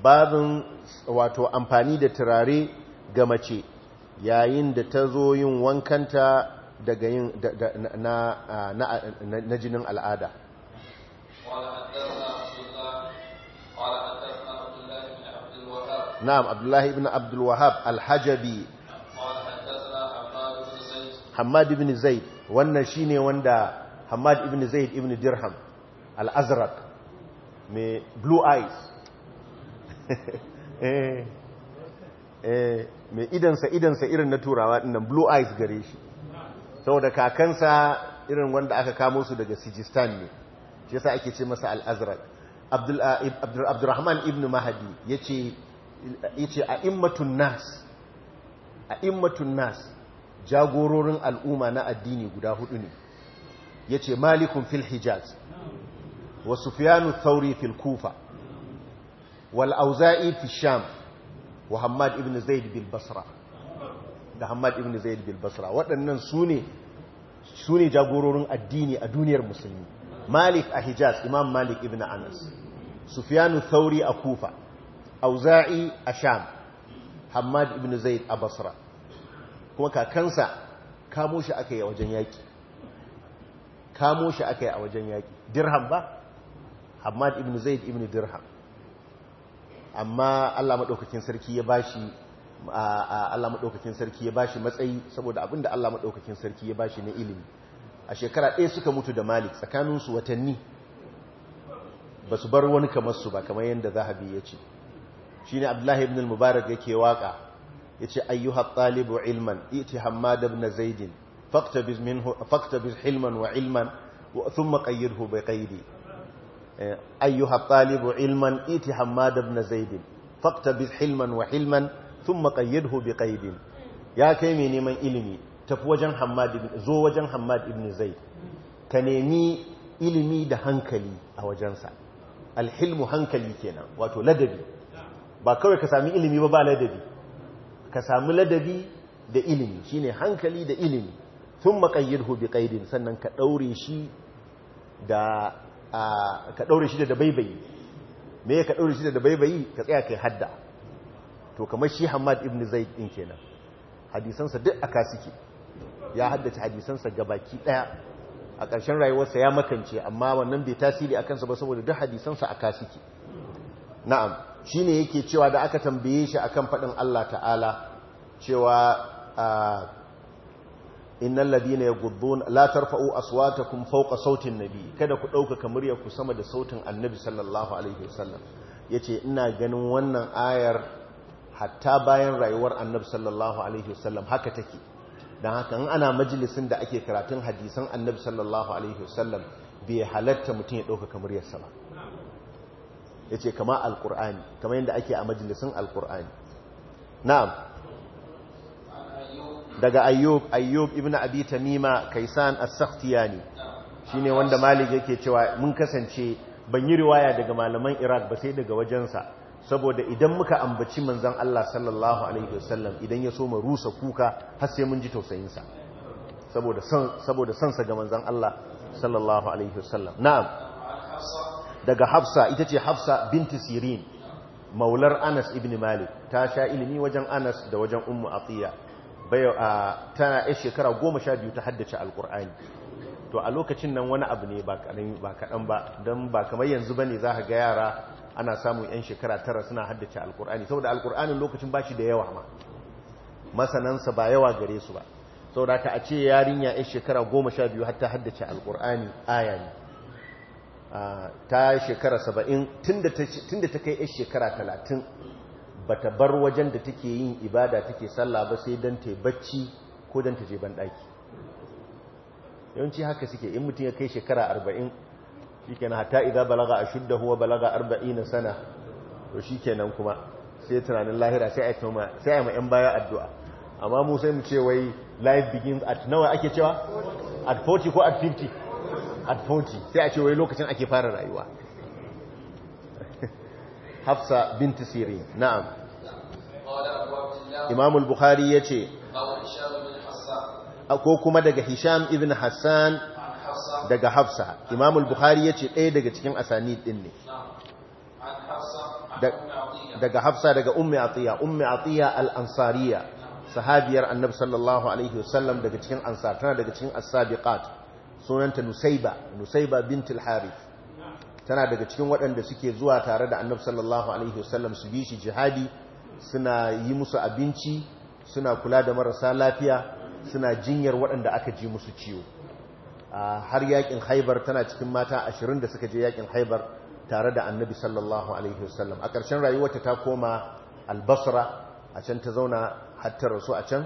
babin wato amfani da turare ga mace yayin da ta zo yin wankanta daga yin na jinin al'ada na'am abdullahi ibn abdul wahab al-hajabi hamad ibn zaid wannan shine wanda hamad ibn zaid ibn dirham al-azraq mai blue eyes eh, eh, mai idansa idansa irin na turawa ɗinnan blue eyes gare shi saboda kakansa irin wanda aka kamo su daga sijistan ne shi yasa ake ce masa al'azraq ah, abdurrahman ibn mahadi ya ce a immatun nas a immatun nas jagororin al'umma na addini guda hudu ne ya ce malikun fil hijaz wa sufyanu thauri fil kufa wal auza'i fi sham wa hammad zaid bil basra da zaid bil waɗannan su ne jagororin addini a duniyar musulmi malik a hijaz imam malik ibn anas sufyanu thauri a kufa auza'i a sham hammad ibn zaid a kuma kakansa kamo shi aka yi a wajen yaƙi kamo shi aka yi a wajen yaƙi dirham ba hamad ibn zaid ibn dirham amma Allah madaukakin sarki ya bashi Allah madaukakin sarki ya bashi matsayi saboda abinda Allah madaukakin sarki ya bashi na ilimi a shekara ɗaya suka mutu da malik tsakanin su watanni ba su bar wani kamar su ba kamar yadda zahabi ya ce shine abdullahi ibn al-mubarak yake waka yace ayyuha talibu ilman iti hammad ibn zaidin faktabiz minhu faktabiz hilman wa ilman ثم قيده بقيدي Eh, ayyuha talibu ilman iti hammad ibn zaid faqtabis hilman wa hilman thumma qayyidhu bi qaidin ya kai mai neman ilimi tafi wajen hammad ibn zo wajen hamad ibn zaid ka nemi ilimi da hankali a wajensa alhilmu hankali kenan wato ladabi ba kawai ka sami ilimi ba ba ladabi ka sami ladabi da ilimi shine hankali da ilimi sun maƙayyar hobi sannan ka ɗaure shi da ka ɗaure shi da dabaibayi me ka ɗaure shi da dabaibayi ka tsaya kai hadda to kamar shi hamad ibn zaid ɗin kenan hadisansa duk aka suke ya haddace hadisansa gabaki ɗaya a ƙarshen rayuwarsa ya makance amma wannan bai tasiri a kansa ba saboda duk hadisansa a suke na'am shi ne yake cewa da aka tambaye shi akan faɗin allah ta'ala cewa Innan innal ladina yaghuddun la tarfa'u kun fauka sautin nabi kada ku dauka murya ku sama da sautin annabi sallallahu alaihi wasallam yace ina ganin wannan ayar hatta bayan rayuwar annabi sallallahu alaihi wasallam haka take don haka in ana majalisin da ake karatun hadisan annabi sallallahu alaihi wasallam bai halatta mutum ya dauka muryarsa ba yace kama Alƙur'ani kama yadda ake a majalisin Alƙur'ani na'am daga ayyub ayyub ibn abi tamima kaisan as-sakhtiyani shine wanda malik yake cewa mun kasance ban yi riwaya daga malaman iraq ba sai daga wajensa saboda idan muka ambaci manzon Allah sallallahu alaihi wasallam idan ya so mu rusa kuka har sai mun ji tausayin sa saboda san saboda san sa ga manzon Allah sallallahu alaihi wasallam na'am daga hafsa ita ce hafsa binti sirin maular anas ibn malik ta sha ilimi wajen anas da wajen ummu atiya tana ya shekara goma sha biyu ta haddace alkur'ani to a lokacin nan wani abu ne ba kaɗan ba don ba kamar yanzu ba ne za ga yara ana samun 'yan shekara tara suna haddace alkur'ani saboda alkur'anin lokacin ba shi da yawa ma masanansa ba yawa gare su ba saboda ka a ce yarinya 'yan shekara goma sha biyu hatta haddace alkur'ani aya ne ta shekara saba'in tun da ta kai ya shekara talatin bata bar wajen da take yin ibada take sallah ba sai dan ta bacci ko dan ta je ban daki yawanci haka suke in mutum ya kai shekara 40 shikenan hatta idza balaga ashudda huwa balaga 40 sana to shikenan kuma sai tunanin lahira sai ai kuma sai ai ma yan baya addu'a amma mu sai mu ce wai life begins at nawa ake cewa at 40 ko at 50 at 40 sai a ce wai lokacin ake fara rayuwa hafsa binti sirin na'am imam al-bukhari ya ce ko kuma daga hisham ibn hassan daga hafsa imam al-bukhari ya ce ɗaya daga cikin asanid ɗin ne daga hafsa daga ummi atiya ummi atiya al-ansariya sahabiyar annab sallallahu alaihi wasallam daga cikin ansar tana daga cikin as-sabiqat sunanta nusayba nusayba bintul harith tana daga cikin waɗanda suke zuwa tare da annabi sallallahu alaihi wasallam su bi shi jihadi suna yi musu abinci suna kula da marasa lafiya suna jinyar waɗanda aka ji musu ciwo har yakin haibar tana cikin mata ashirin da suka je yakin haibar tare da annabi sallallahu alaihi wasallam a ƙarshen rayuwarta ta koma albasra a can ta zauna hatta rasu a can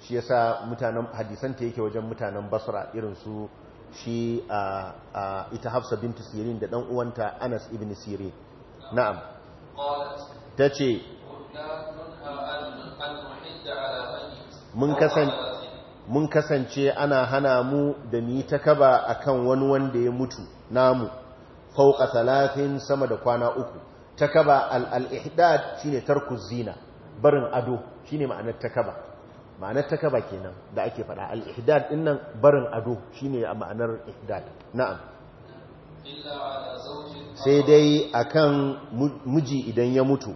shi yasa mutanen hadisanta yake wajen mutanen basra irin su shi a ita hafsa bintu sirin da ɗan'uwanta anas ibn sirin na'am ta ce mun kasance ana hana mu da ni ta kaba a kan wani wanda ya mutu namu fauka talatin sama da kwana uku ta kaba al shi ne tarku zina barin ado shi ne ma'anar ta kaba ma'anar ta kaba kenan da ake faɗa al-ihdad dinnan barin ado shine a ma'anar ihdad na'am sai dai akan miji idan ya mutu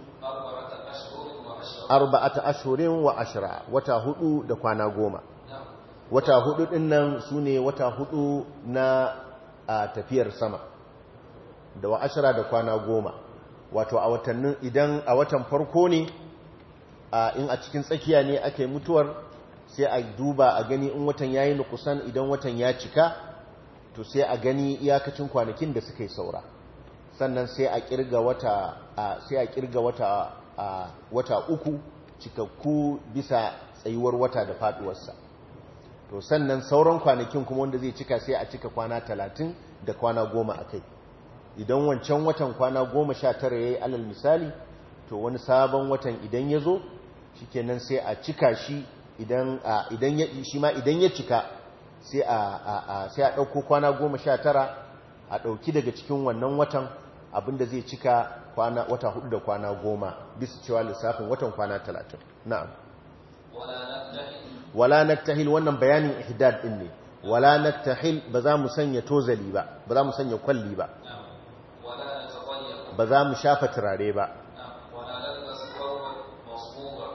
arba'ata ashhurin wa ashra wata hudu da kwana goma wata hudu dinnan sune wata hudu na tafiyar sama da wa ashra da kwana goma wato a watannin idan a watan farko ne in a cikin tsakiya ne aka yi mutuwar sai a duba a gani in watan ya yi nukusan idan watan ya cika to sai a gani iyakacin kwanakin da suka yi saura sannan sai a kirga wata sai a kirga wata wata uku cikakku bisa tsayuwar wata da faduwarsa to sannan sauran kwanakin kuma wanda zai cika sai a cika kwana talatin da kwana goma a kai idan wancan watan kwana goma sha tara ya yi alal misali to wani sabon watan idan ya zo nan sai a cika shi idan idan ya shi ma idan ya cika sai a sai a dauko kwana 19 a ɗauki daga cikin wannan watan abinda zai cika kwana wata hudu da kwana goma bisa cewa lissafin watan kwana 30 na'am wala tahil wannan bayanin ihdad din ne wala tahil ba za mu sanya tozali ba ba za mu sanya kwalli ba ba za mu shafa turare ba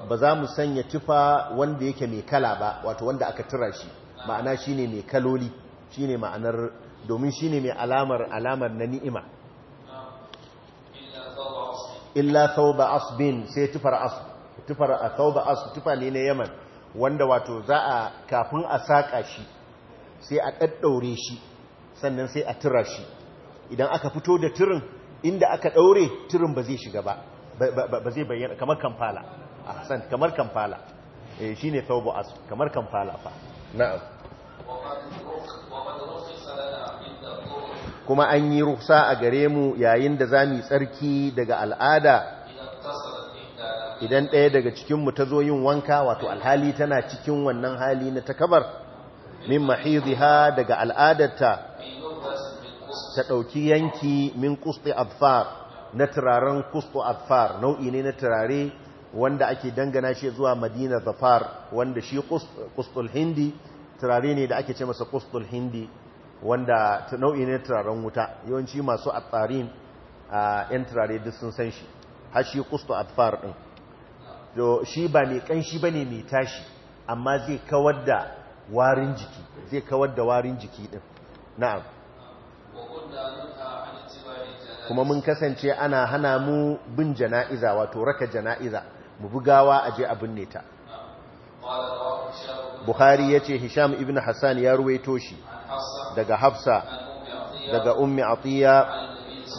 ba za mu sanya tufa wanda yake mai kala ba wato wanda aka tura shi ma'ana shi ne mai kaloli shi ne ma'anar domin shi ne mai alamar alamar na ni'ima illa thawba asbin sai tufar asu tufar thawba asu tufa ne na Yaman wanda wato za a kafin a saƙa shi sai a ɗaɗɗaure shi sannan sai a tura shi idan aka fito da turin, inda aka ɗaure turin ba zai shiga ba ba zai bayyana kamar kamfala ahsan kamar kamfala eh shine thawbu as kamar kamfala fa na'am kuma an yi ruksa a gare mu yayin da zamu tsarki daga al'ada idan ɗaya daga cikin mu tazo yin wanka wato alhali tana cikin wannan hali na takabar min mahidha daga al'adarta ta ɗauki yanki min qusti adfar na turaren qusti adfar nau'i ne na turare wanda ake dangana shi zuwa madina zafar wanda shi kustul hindi turare ne da ake ce masa kustul hindi wanda nau'i ne turaren wuta yawanci masu atsarin a yan turare duk sun san shi har shi kustul atfar din to shi ba mai kanshi ne mai tashi amma zai kawar da warin jiki zai kawar da warin jiki din na'am kuma mun kasance ana hana mu bin jana'iza wato raka jana'iza mu bugawa a je a binne ta bukhari ya ce hisham ibn hassan ya ruwaito shi daga hafsa daga ummi atiya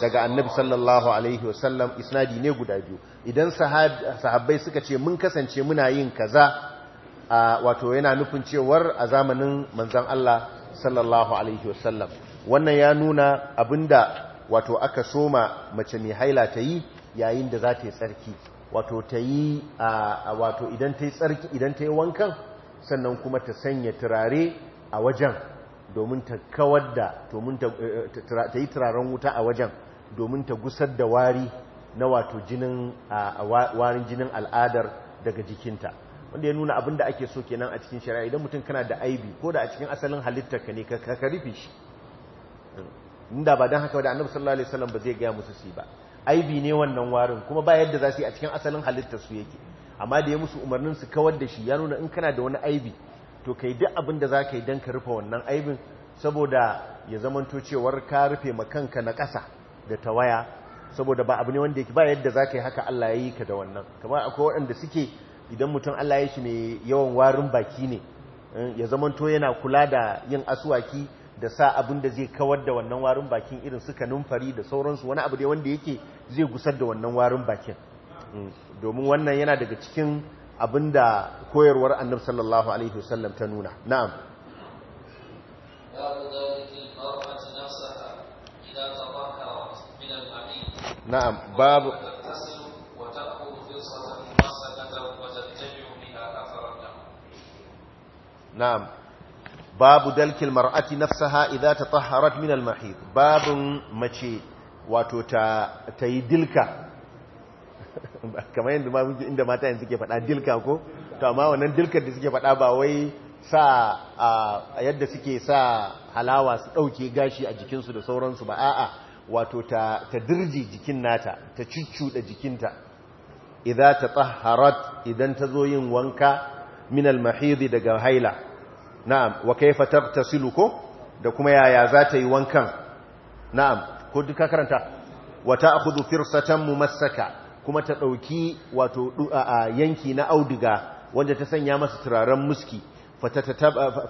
daga annabi sallallahu alaihi wasallam isnadi ne guda biyu idan sahabbai suka ce mun kasance muna yin kaza wato yana nufin cewar a zamanin manzan Allah sallallahu alaihi wasallam wannan ya nuna abinda wato aka soma mace mai haila ta yi yayin da za ta yi tsarki wato ta yi wato idan ta yi tsarki idan ta yi wankan sannan kuma ta sanya turare a wajen domin ta kawar da eh, eh, ta yi turaren wuta a wajen domin ta gusar da wari na wato jinin warin jinin al'adar daga jikinta wanda ya nuna abin da ake so kenan a cikin shari'a idan mutum kana da aibi ko da a cikin asalin halittarka ne ka rufe shi hmm. inda ba don haka wadda annabi sallallahu alaihi wasallam ba zai gaya musu si ba aibi ne wannan warin kuma ba yadda za su yi a cikin asalin halittar su yake amma da ya musu umarnin su kawar da shi ya nuna in kana da wani aibi to kai duk abin da za ka yi don ka rufe wannan aibin saboda ya zamanto cewar ka rufe makanka na ƙasa da tawaya saboda ba abu ne wanda yake ba yadda za ka yi haka Allah ya yi ka da wannan kamar akwai waɗanda suke idan mutum Allah ya shi ne yawan warin baki ne eh, ya zamanto yana kula da yin asuwaki da sa abin da zai kawar da wannan warin bakin irin suka numfari da sauransu wani abu dai wanda yake zai gusar da wannan warin bakin mm, domin wannan yana daga cikin abin da koyarwar annab sallallahu alaihi wasallam ta nuna na'am na'am na'am babu dalkil mar'ati nafsaha idza tatahharat min al-mahid babun mace wato ta tayi dilka kamar yadda inda mata yanzu ke faɗa dilka ko to amma wannan dilkar da suke faɗa ba wai sa a yadda suke sa halawa su ɗauke gashi a jikinsu da sauransu ba a'a wato ta ta dirji jikin nata ta cuccuɗa jikinta idza tatahharat idan ta zo yin wanka min al-mahid daga haila na'am wa kaifa taghtasilu ko da kuma yaya za ta yi wankan na'am ko duka karanta wa ta'khudhu firsatan mumassaka kuma ta dauki wato yanki na auduga wanda ta sanya masa turaren muski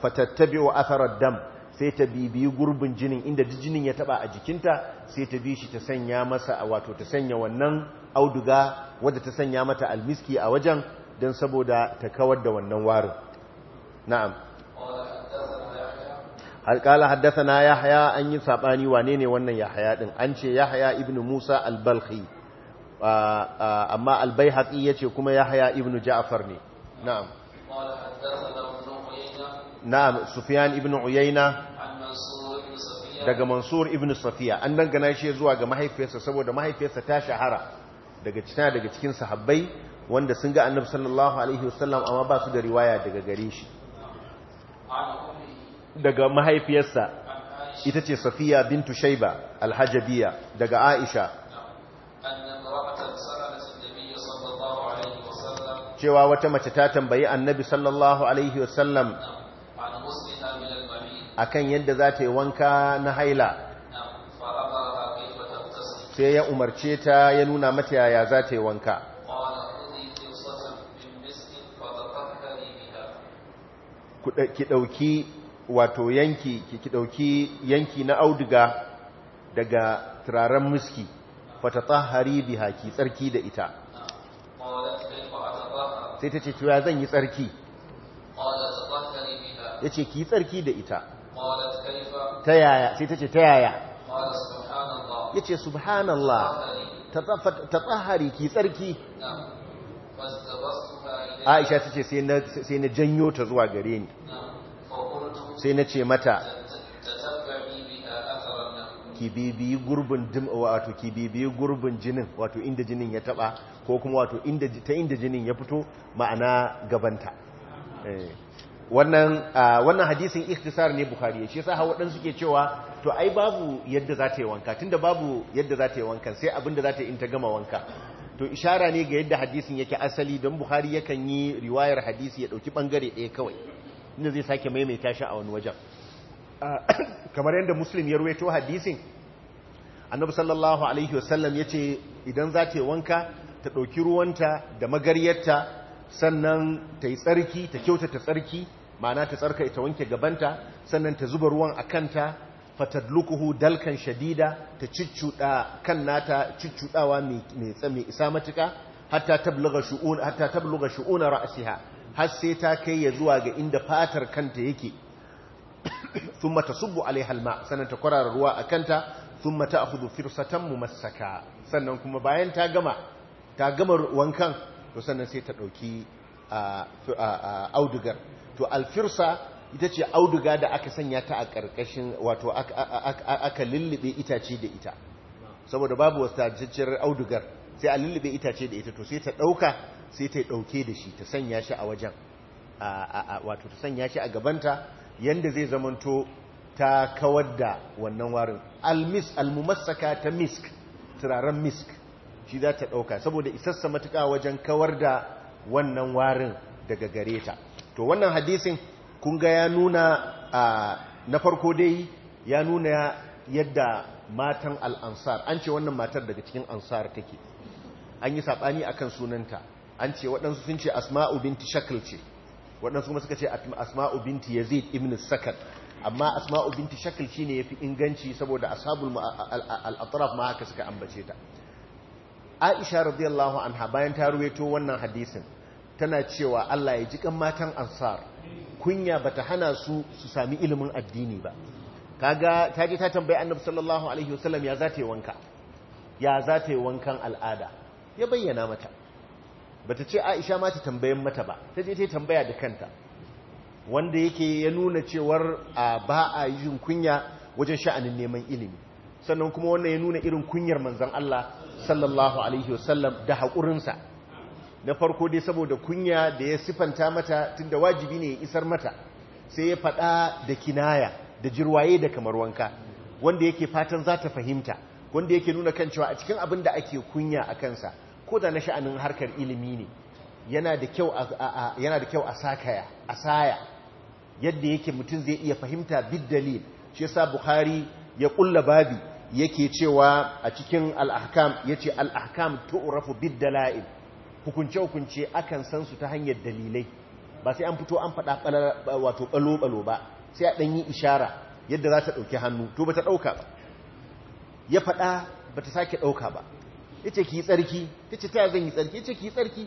fatattabi'u atharad dam sai ta bibiyi gurbin jinin inda jinin ya taba a jikinta sai ta bi shi ta sanya masa wato ta sanya wannan auduga wadda ta sanya mata almiski a wajen dan saboda ta kawar da wannan warin na'am alƙala ya haya an yi saɓani wane ne wannan yahaya ɗin an ce haya ibn musa albalhi amma albai haƙi ya ce kuma haya ibn ja'afar ne na'am na'am sufiyan ibn uyaina daga mansur ibn safiya an dangana shi zuwa ga mahaifiyarsa saboda mahaifiyarsa ta shahara daga cikin daga cikin sahabbai wanda sun ga annabi sallallahu alaihi wasallam amma ba su da riwaya daga gare shi daga mahaifiyarsa ita ce safiya bintu shaiba alhajabiya daga aisha cewa wata mace ta tambayi annabi sallallahu alaihi wasallam akan yadda za ta yi wanka na haila sai ya umarce ta ya nuna mata yaya za ta yi wanka ki ɗauki wato yanki ki ɗauki yanki na auduga daga turaren miski fata tsahari biha ki tsarki da ita sai ta ce cewa zan yi tsarki ya ce ki tsarki da ita ta yaya sai ta ce ta yaya ya ce subhanallah ta tsahari ki tsarki aisha ta ce sai na janyo ta zuwa gare ni sai na ce mata ki bibiyi gurbin wato ki bibiyi gurbin jinin wato inda jinin ya taba ko kuma wato ta inda jinin ya fito ma'ana gabanta eh. wannan wannan hadisin ikhtisar ne bukhari shi yasa hawa suke cewa to ai babu yadda za ta yi wanka tunda babu yadda za ta yi wankan sai abinda za ta yi in ta gama wanka to ishara ne ga yadda hadisin yake asali don bukhari yakan yi riwayar hadisi ya ɗauki bangare ɗaya kawai inda zai sake maimaita shi a wani wajen ah, kamar yadda muslim ya ruweto hadisin annabi sallallahu alaihi wasallam ya ce idan za ta wanka ta ɗauki ruwanta da magaryarta sannan ta yi tsarki ta kyauta ta tsarki ma'ana ta tsarka ita wanke gabanta sannan ta zuba ruwan a kanta fatadlukuhu dalkan shadida ta ciccuda kan nata ciccudawa mai isa matuka hatta tabluga shu'un hatta tabluga shu'una ra'siha har sai ta kai ya zuwa ga inda fatar kanta yake thumma tasubbu alaiha halma sannan ta kwarara ruwa a kanta sun mata a hudu firsatan masaka sannan kuma bayan ta gama ta gama wankan to sannan sai ta dauki audugar to alfirsa ita ce auduga da aka sanya ta a ƙarƙashin wato aka lullube itace da ita saboda babu wasu audugar sai a lullube itace da ita to sai ta ɗauka sai ta dauke da shi ta sanya shi a wajen wato ta sanya shi a gabanta yadda zai zamanto ta kawar da wannan warin almis almumassaka ta misk turaren misk shi za ta dauka saboda isassa matuka wajen kawar da wannan warin daga gare ta to wannan hadisin kunga ya nuna na farko dai ya nuna yadda matan al'ansar an ce wannan matar daga cikin ansar take an yi saɓani akan sunanta an ce waɗansu sun ce asma'u binti shakl ce waɗansu kuma suka ce asma'u binti yazid ibn sakat amma asma'u binti Shakal shine yafi inganci saboda ashabul al-atraf ma haka suka ambace ta Aisha radiyallahu anha bayan ta ruwaito wannan hadisin tana cewa Allah ya ji kan matan ansar kunya bata hana su su sami ilimin addini ba kaga ta je ta tambayi annabi sallallahu alaihi wasallam ya zata yi wanka ya zata yi wankan al'ada ya bayyana mata bata ce Aisha ma ta tambayin mata ba ta je ta tambaya da kanta wanda yake ya nuna cewar ba a yin kunya wajen sha'anin neman ilimi sannan kuma wannan ya nuna irin kunyar manzan Allah sallallahu alaihi wasallam da haƙurinsa na farko dai saboda kunya da ya sifanta mata tunda wajibi ne ya isar mata sai ya faɗa da kinaya da jirwaye da kamar wanka wanda yake fatan za ta fahimta wanda yake nuna kan cewa a cikin abin da ake kunya a kansa ko da na sha'anin harkar ilimi ne yana da kyau a sakaya a saya yadda yake mutum zai iya fahimta bid dalil shi yasa bukhari ya kulla babi yake cewa a cikin al-ahkam yace al-ahkam tu'rafu bid dalail hukunce hukunce akan san su ta hanyar dalilai ba sai an fito an fada wato balo balo ba sai a dan yi ishara yadda za ta dauki hannu to ba ta dauka ba ya fada ba ta sake ɗauka ba yace ki tsarki tace ta zan yi tsarki yace ki tsarki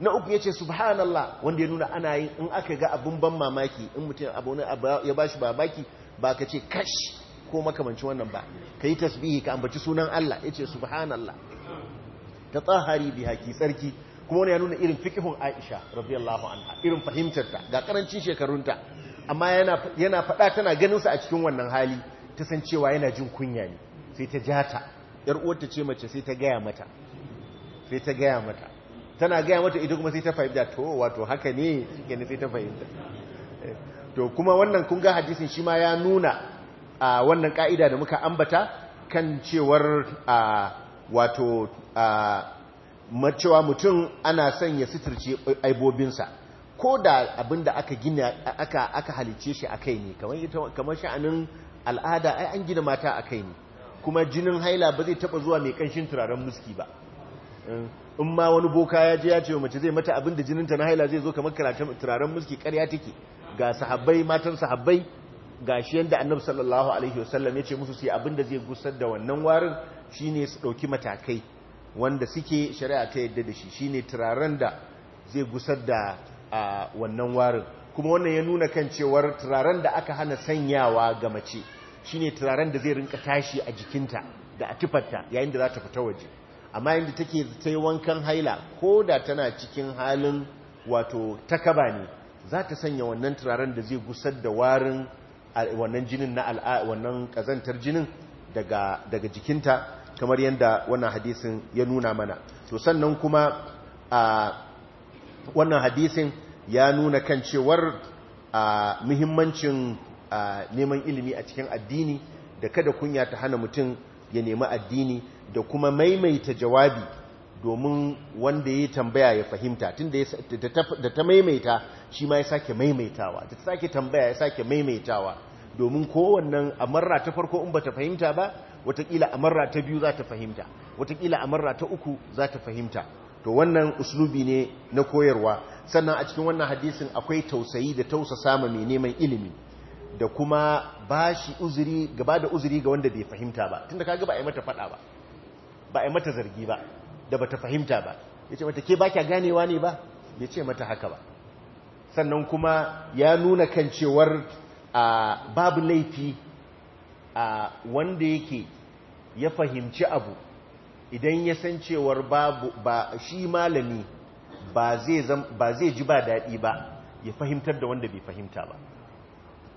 na uku yace subhanallah wanda ya nuna ana yin in aka ga abun ban mamaki in mutum abu ne ya bashi babaki ba ka ce kash ko makamanci wannan ba ka yi tasbihi ka ambaci sunan Allah yace ce subhanallah ta tsahari biya ki tsarki kuma wani ya nuna irin fikihun aisha radiyallahu anha irin fahimtarta ga karancin shekarunta amma yana faɗa tana ganinsa a cikin wannan hali ta san cewa yana jin kunya ne sai ta jata yar uwarta ce mace sai ta gaya mata sai ta gaya mata tana gaya mata ita kuma sai ta fahimta to wato haka ne yana sai ta fahimta eh, to kuma wannan kun ga hadisin shi ma ya nuna a wannan ka'ida da muka ambata kan cewar a wato a macewa mutum ana son ya suturce aibobinsa ko da abin da aka gina aka aka halice shi akai ne kamar sha'anin al'ada ai an gina mata akai ne kuma jinin haila ba zai taba zuwa mai kanshin turaren muski ba in ma wani boka ya je ya ce mace zai mata abin da jininta na haila zai zo kamar turaren muski karya take ga sahabbai matan sahabbai ga shi yadda annabi sallallahu alaihi wasallam ya ce musu sai abin da zai gusar da wannan warin shine su ɗauki matakai wanda suke shari'a ta yadda da shi shine turaren da zai gusar da wannan warin kuma wannan ya nuna kan cewar turaren da aka hana sanyawa ga mace shine turaren da zai rinka tashi a jikinta da a tufarta yayin da za ta fita waje amma yadda take ta yi wankan haila ko da tana cikin halin wato takaba ne za ta sanya wannan turaren da zai gusar da warin wannan jinin na wannan kazantar jinin daga jikinta kamar yadda wannan hadisin ya nuna mana to sannan kuma a wannan hadisin ya nuna kan cewar muhimmancin neman ilimi a cikin addini da kada kunya ta hana mutum ya nemi addini da kuma maimaita jawabi domin wanda ya tambaya ya fahimta tun da ta maimaita shi ma ya sake maimaitawa ta sake tambaya ya sake maimaitawa domin kowannan amarra ta farko in ba ta fahimta ba watakila amarra ta biyu za ta fahimta watakila amarra ta uku za ta fahimta to wannan uslubi ne na koyarwa sannan a cikin wannan hadisin akwai tausayi da tausasa sama mai neman ilimi da kuma ba shi uzuri gaba da uzuri ga wanda bai fahimta ba tunda kaga ba a yi mata fada ba ba a yi mata zargi ba da bata fahimta ba Ya ce mata ke ba kya ganewa ne ba Ya ce mata haka ba sannan kuma ya nuna kan cewar babu laifi a wanda yake ya fahimci abu idan ya san cewar babu ba shi malami ba zai ji ba daɗi ba ya fahimtar da wanda bai fahimta ba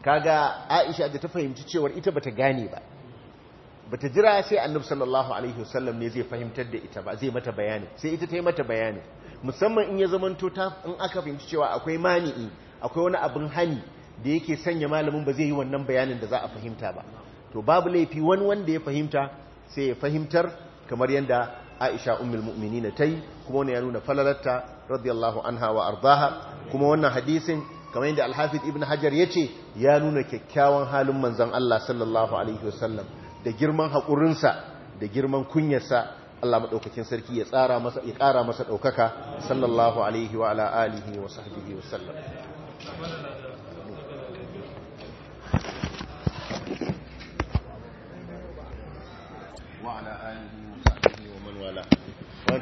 kaga Aisha da ta fahimci cewa ita bata gane ba bata jira sai Annabi sallallahu alaihi wasallam ne zai fahimtar da ita ba zai mata bayani sai ita ta yi mata bayani musamman in ya zamanto ta in aka fahimci cewa akwai mani'i akwai wani abin hani da yake sanya malamin ba zai yi wannan bayanin da za a fahimta ba to babu laifi wani wanda ya fahimta sai ya fahimtar kamar yadda Aisha ummul mu'minin tayi kuma wannan ya nuna falalarta radiyallahu anha wa ardaha kuma wannan hadisin kamar yadda alhafiz ibn hajar ya ce ya nuna kyakkyawan halin manzan Allah sallallahu alaihi wasallam da girman haƙurinsa da girman kunyarsa Allah maɗaukakin sarki ya tsara masa ya ƙara masa ɗaukaka sallallahu alaihi wa ala'alihi wa sahbihi wa sallam wa ala wa sahbihi wa man wala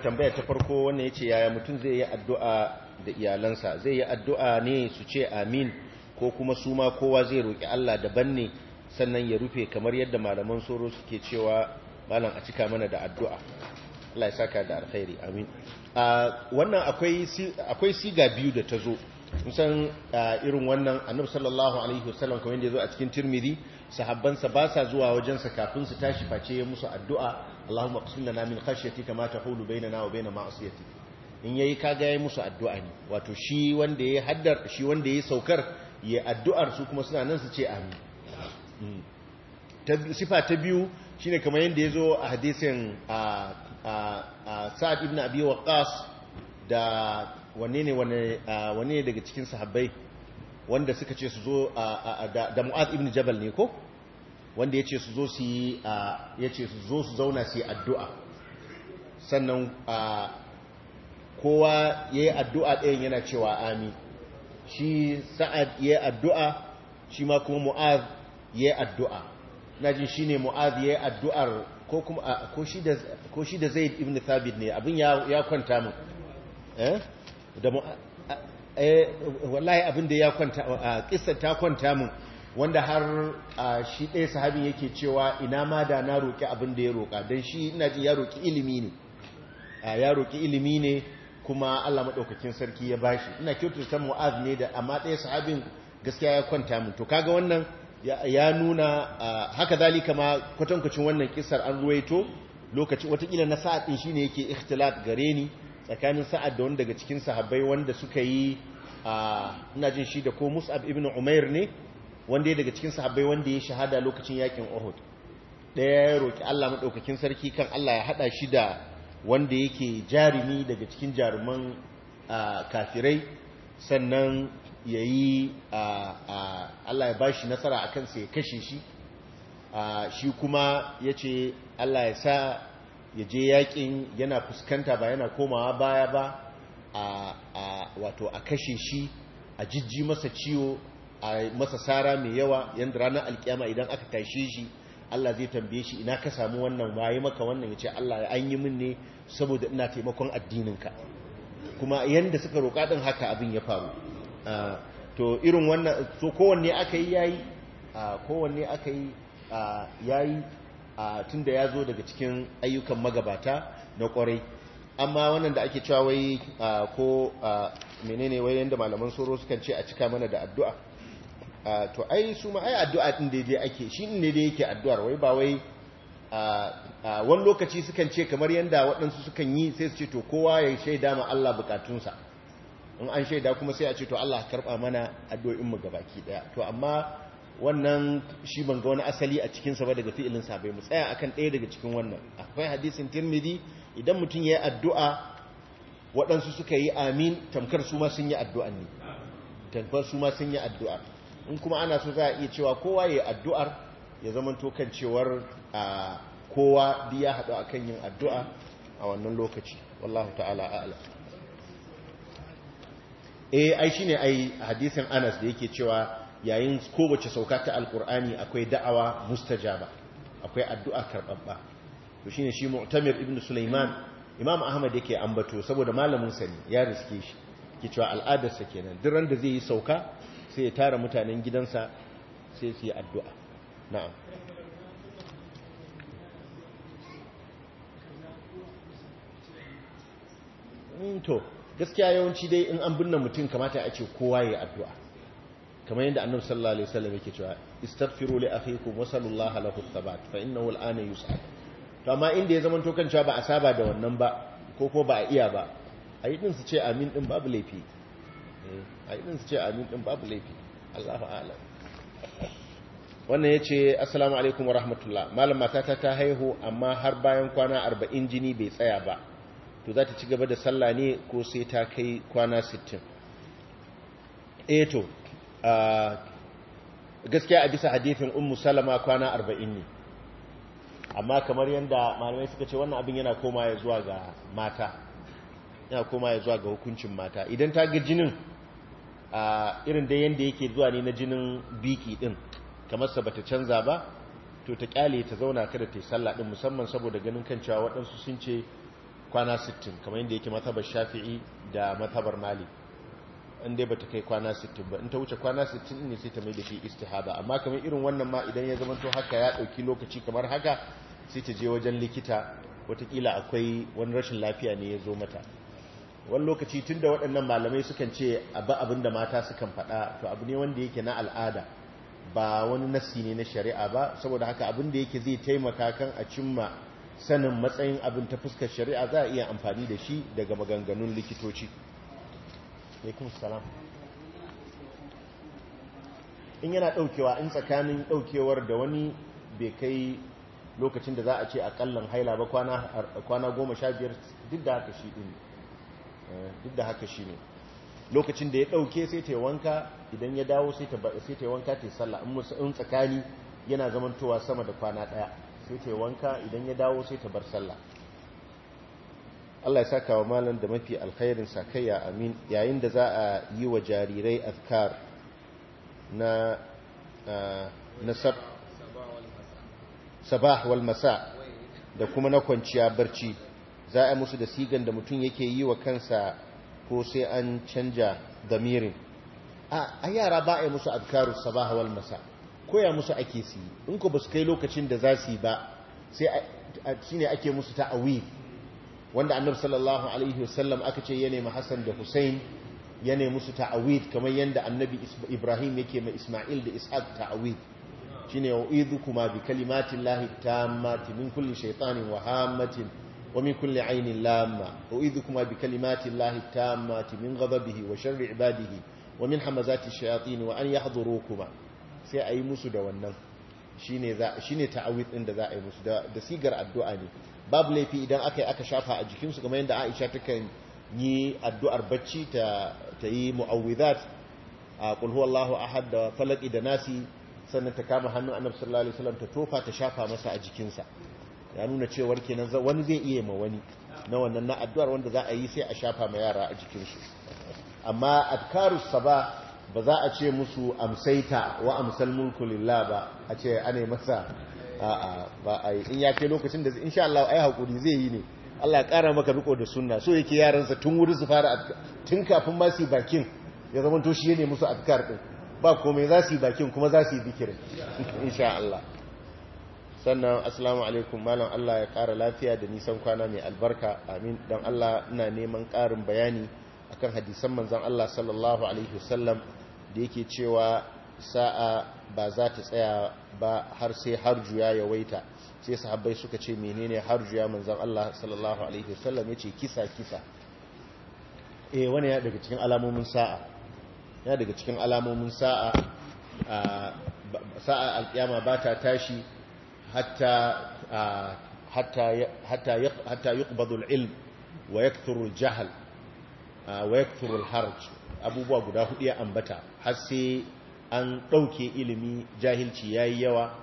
tambaya ta farko wannan ya ce yaya mutum zai yi addu'a da iyalansa zai yi addu'a ne su ce amin ko kuma su ma kowa zai roƙi Allah daban ne sannan ya rufe kamar yadda malaman soro suke cewa malam a cika mana da addu'a Allah ya saka da alkhairi amin wannan akwai siga biyu da ta zo musan irin wannan annabi sallallahu alaihi wasallam kamar yadda ya zo a cikin tirmidhi sahabbansa ba sa zuwa wajensa kafin su tashi face ya musu addu'a Allahumma qsim lana min khashyatika ma tahulu bainana wa bain ma'siyatika in yayi kaga yayi musu addu'a ne wato shi wanda yayi haddar shi wanda yayi saukar yayi addu'ar su kuma suna nan su ce amin mm. sifa ta biyu shine kamar yanda yazo a hadisin a a Sa'ad ibn Abi Waqqas da wanne ne wanne ne daga cikin sahabbai wanda suka ce su zo da Mu'adh ibn Jabal ne ko wanda yace su zo su yace su zo su zauna su yi addu'a sannan kowa ya yi addu'a ɗayan yana cewa amin shi sa'ad ya yi addu'a shi ma kuma mu'az ya yi addu'a na jin shi ne mu'az ya yi addu'ar ko shi da zai ibn thabit ne abin ya kwanta eh? mu eh, wallahi abin da ya kwanta kisa ta kwanta mu wanda har shi ɗaya sahabin yake cewa ina ma da na roƙi abin da ya roƙa don shi ina ji ya roƙi ilimi ne ya roƙi ilimi ne kuma Allah maɗaukakin sarki ya bashi ina kyautata mu'az ne da amma ɗaya sahabin gaskiya ya kwanta mun to kaga wannan ya nuna haka zalika ma kwatankwacin wannan kisar an ruwaito lokaci watakila na sa'ad din shine yake ikhtilat gare ni tsakanin sa'ad da wanda daga cikin sahabbai wanda suka yi ina jin shi da ko Mus'ab ibn Umair ne wanda daga cikin sahabbai wanda ya shahada lokacin yakin Uhud ɗaya ya roki Allah maɗaukakin sarki kan Allah ya haɗa shi da wanda yake jarumi daga cikin jaruman kafirai sannan ya yi Allah ya ba shi nasara a kansa ya kashe shi shi kuma ya ce Allah ya sa ya je yakin yana fuskanta ba yana komawa baya ba a wato a kashe shi a jijji masa ciwo a masa sara mai yawa yadda ranar alkiyama idan aka tashe shi Allah zai tambaye shi ina ka samu wannan waye maka wannan ya ce Allah an yi min ne saboda ina taimakon addininka kuma yanda suka roƙa din haka abin ya faru ah, to irin wannan to kowanne aka yi yayi ah, kowanne aka yi ah, yayi tunda ya zo daga cikin ayyukan magabata na kwarai amma wannan da ake cewa wai ko menene wai yanda malaman soro suka ce a cika mana da addu'a to ai su ma ai addu'a din da dai ake shi din da yake addu'a wai ba wai wani lokaci sukan ce kamar yanda waɗansu sukan yi sai su ce to kowa ya shaida ma Allah bukatunsa in an shaida kuma sai a ce to Allah karɓa mana addu'o'in mu gabaki daya to amma wannan shi ban ga wani asali a cikin sa ba daga fi'ilin sa bai mu tsaya akan ɗaya daga cikin wannan akwai hadisin Tirmidhi idan mutum yayi addu'a waɗansu suka yi amin tamkar su ma sun yi addu'an ne tamkar su ma sun yi addu'a in kuma ana so za a iya cewa kowa ya yi addu'ar ya zamanto kan cewar kowa biya haɗu akan yin addu'a a wannan lokaci wallahu ta'ala a'lam e ai shine yi hadisin Anas da yake cewa yayin kowace sauka ta alkur'ani akwai da'awa mustajaba akwai addu'a karɓaɓɓa to shine shi Mu'tamir ibn Sulaiman Imam Ahmad yake ambato saboda malamin sa ne ya riske shi ke cewa al'adarsa kenan duk ran da zai yi sauka sai ya tara mutanen gidansa sai su yi addu'a na'am mm, to gaskiya yawanci dai in an binne mutum kamata a ce kowa ya addu'a kamar yadda annabu sallallahu alaihi wasallam yake cewa istaghfiru li akhikum wa sallallahu lahu thabat fa innahu al-ana yus'al to amma inda ya zaman tokan cewa ba a saba da wannan ba ko ko ba a iya ba ayi din su ce amin din babu laifi eh. a su ce amin ɗin babu laifi Allahu a'lam wannan yace assalamu alaikum wa rahmatullah malam matata ta haihu amma har bayan kwana arba'in jini bai tsaya ba to za ta ci gaba da sallah ne ko sai ta kai kwana sittin? eh to gaskiya a bisa hadifin ummu salama kwana arba'in ne amma kamar yadda malamai suka ce wannan abin yana koma ya zuwa ga mata yana koma zuwa ga hukuncin mata idan ta ga jinin a irin da yanda yake zuwa ne na jinin biki din kamar sa bata canza ba to ta kyale ta zauna kada ta yi sallah din musamman saboda ganin kan cewa waɗansu sun ce kwana 60 kamar yadda yake mazhabar Shafi'i da mazhabar mali. in dai bata kai kwana 60 ba in ta wuce kwana 60 ne sai ta mai da shi istihaba amma kamar irin wannan ma idan ya zama to haka ya ɗauki lokaci kamar haka sai ta je wajen likita watakila akwai wani rashin lafiya ne ya zo mata wani lokaci tun da waɗannan malamai sukan ce abu abin da mata sukan faɗa to abu ne wanda yake na al'ada ba wani nasi ne na shari'a ba saboda haka abin da yake zai taimaka kan a cimma sanin matsayin abin ta fuskar shari'a za a iya amfani da shi daga maganganun likitoci in yana ɗaukewa in tsakanin ɗaukewar da wani bai kai lokacin da za a ce a ƙallon haila ba kwana goma sha biyar duk da haka shi ɗin Eh, duk da haka shi ne lokacin da ya ɗauke sai ta wanka idan ya dawo sai ta yi wanka ta salla in tsakani yana zamantowa sama da kwana ɗaya sai ta wanka idan ya dawo sai ta bar sallah Allah ya saka wa malam da mafi alkhairin sakayya amin yayin da za a yi wa jarirai azkar na sabah wal masa da kuma na kwanciya barci za a musu da sigan da mutum yake yi wa kansa ko sai an canja mirin. a yara ba a musu adkaru sabaha wal masa koya musu ake su yi in ku basu kai lokacin da za su yi ba sai ne ake musu ta'awil wanda annabi sallallahu alaihi wasallam aka ce ya nemi Hassan da Husain ya nemi musu ta'awil kamar yanda annabi Ibrahim yake ma Isma'il da Ishaq ta'awil shine wa'idukuma bi kalimatillahi tammati min kulli shaytanin wa hammatin ومن كل عين لامة أعيذكما بكلمات الله التامة من غضبه وشر عباده ومن حمزات الشياطين وأن يحضروكما sai a yi musu da wannan shi ne ta'awit ɗin da za a yi musu da sigar addu'a ne babu laifi idan aka yi aka shafa a jikinsu kamar yadda aisha takan yi addu'ar bacci ta yi mu'awwidat a kulhu Allahu ahad da falaki da nasi sannan ta kama hannun annabi sallallahu alaihi wasallam ta tofa ta shafa masa a jikinsa ya nuna cewar kenan wani zai iya ma wani na wannan na addu'ar wanda za a yi sai a shafa ma yara a jikin su amma adkarus saba ba za a ce musu amsaita wa amsal mulku lillah ba a ce ane masa a ba a yi in ya kai lokacin da insha Allah ai hakuri zai yi ne Allah ya kara maka riko da sunna so yake yaransa tun wuri su fara tun kafin ma su bakin ya zama to shi ne musu adkar din ba komai za su bakin kuma za su yi bikirin insha Allah sannan assalamu alaikum malam Allah ya ƙara lafiya da nisan kwana mai albarka amin don Allah ina neman ƙarin bayani akan hadisan manzon Allah sallallahu alaihi wasallam da yake cewa sa'a ba za ta tsaya ba har sai har juya ya waita sai sahabbai suka ce menene har juya manzon Allah sallallahu alaihi wasallam yace kisa kisa eh wani ya daga cikin alamomin sa'a ya daga cikin alamomin sa'a sa'a alkiyama ba ta tashi hatta yuqbadul ilm wa yakthurul jahal wa yakthurul harj abubuwa guda hudu ya ambata har sai an ɗauke ilimi jahilci ya yi yawa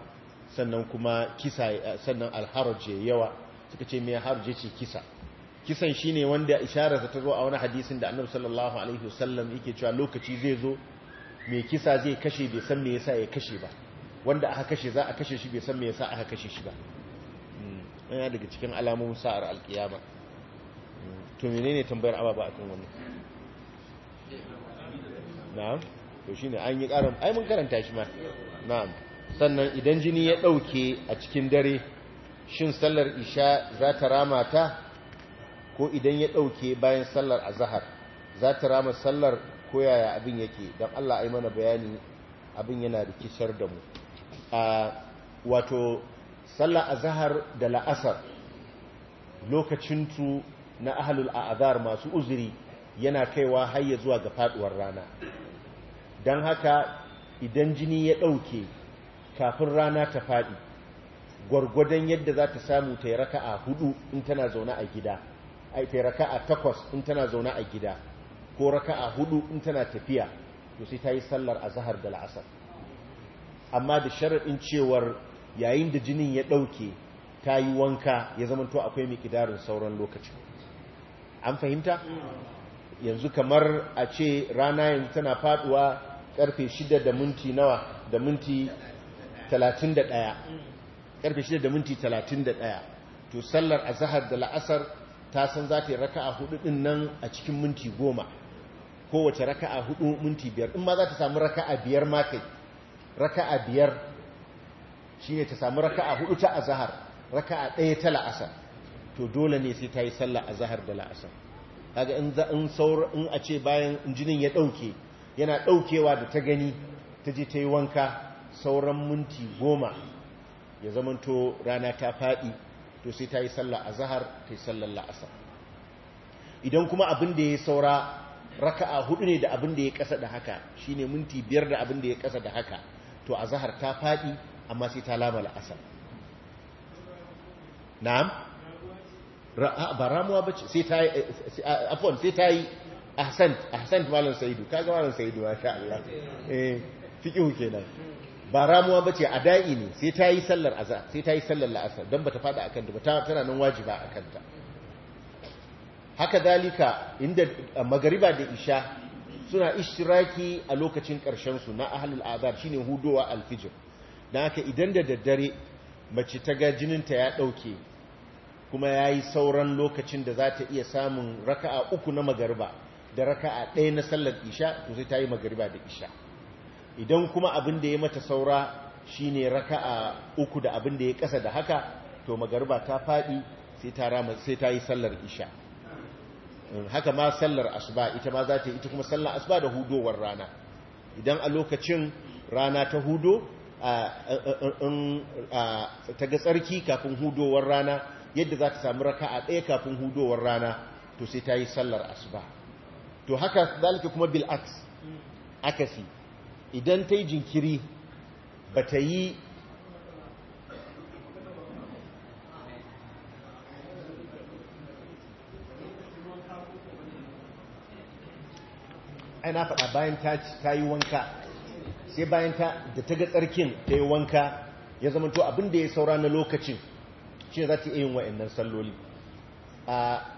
sannan kuma kisa sannan alharaj ya yawa suka ce me haraj ce kisa kisan shi ne wanda isharar ta zo a wani hadisin da annabi sallallahu alaihi wasallam yake cewa lokaci zai zo mai kisa zai kashe bai san me yasa ya kashe ba wanda aka kashe za a kashe shi bai san me yasa aka kashe shi ba hmm. yana daga cikin alamomin sa'ar alkiyama hmm. to menene tambayar ababa akan wannan na'am to shine an yi karam ai mun karanta shi ma na'am sannan idan jini ya dauke a cikin dare shin sallar isha za ta rama ta ko idan ya dauke bayan sallar azhar za ta rama sallar koyaya abin yake don Allah ai mana bayani abin yana rikisar da mu a wato a zahar da la'asar lokacin tu na ahalul a'azar masu uzuri yana kaiwa hayya zuwa ga faduwar rana don haka idan jini ya ɗauke kafin rana ta faɗi gwargwadon yadda za ta samu ta yi a hudu in tana zaune a gida ta yi raka a takwas in tana zaune a gida ko raka a hudu in tana tafiya to sai ta yi sallar zahar da la'asar amma da sharaɗin cewar yayin da jinin ya ɗauke ta yi wanka ya zama to akwai ƙidarin sauran lokacin an fahimta yanzu kamar a ce rana yanzu tana faduwa ƙarfe 6 da minti nawa da minti 31 Ƙarfe 6 da minti 31 to sallar azhar da la'asar ta san za ta yi raka'a hudu din nan a cikin minti goma kowace raka'a hudu minti biyar in ma za ta samu raka'a biyar ma kai raka'a biyar shine ta samu raka'a hudu ta azhar raka'a ɗaya ta la'asar to dole ne sai ta yi sallah azhar da la'asar kaga in in saur in a ce bayan injinin ya dauke yana daukewa da ta gani ta je ta yi wanka sauran minti goma ya zamanto rana ta faɗi to sai ta yi sallah azhar ta yi sallar la'asar idan kuma abin da ya saura raka'a hudu ne da abin da ya kasa da haka shine minti biyar da abin da ya kasa da haka to a zahar ta faɗi amma sai ta lama la'asar na'am ba ramuwa ba ce sai ta yi sai ta yi ahsant ahsant malam sa'idu kaga malam sa'idu ma sha Allah eh fiqhu kenan ba ramuwa ba ce da'i ne sai ta yi sallar azhar sai ta yi sallar la'asar don ba ta fada a kanta ba tana nan wajiba a kanta. haka dalika inda magariba da isha suna ishtiraki a lokacin ƙarshensu na ahalul azab shine hudowa alfijir don haka idan da daddare mace ta ga ta ya ɗauke kuma yayi sauran lokacin da za ta iya samun raka'a uku na magariba da raka'a ɗaya na sallar isha to sai ta yi magariba da isha idan kuma abin da ya mata saura shine raka'a uku da abin da ya ƙasa da haka to magariba ta faɗi sai ta yi sallar isha haka ma sallar asuba ita ma za ta yi ita kuma sallar asuba da hudowar rana idan a lokacin rana ta hudo ta ga tsarki kafin hudowar rana yadda za ta sami raka a ɗaya kafin hudowar rana to sai ta yi sallar asuba to haka zalika kuma bil'aks akasi idan ta yi jinkiri ba ta yi ai na faɗa bayan ta yi wanka sai bayan ta da ta ga tsarkin ta yi wanka ya zama to abin da ya saura na lokacin shi za ta iya yin nan salloli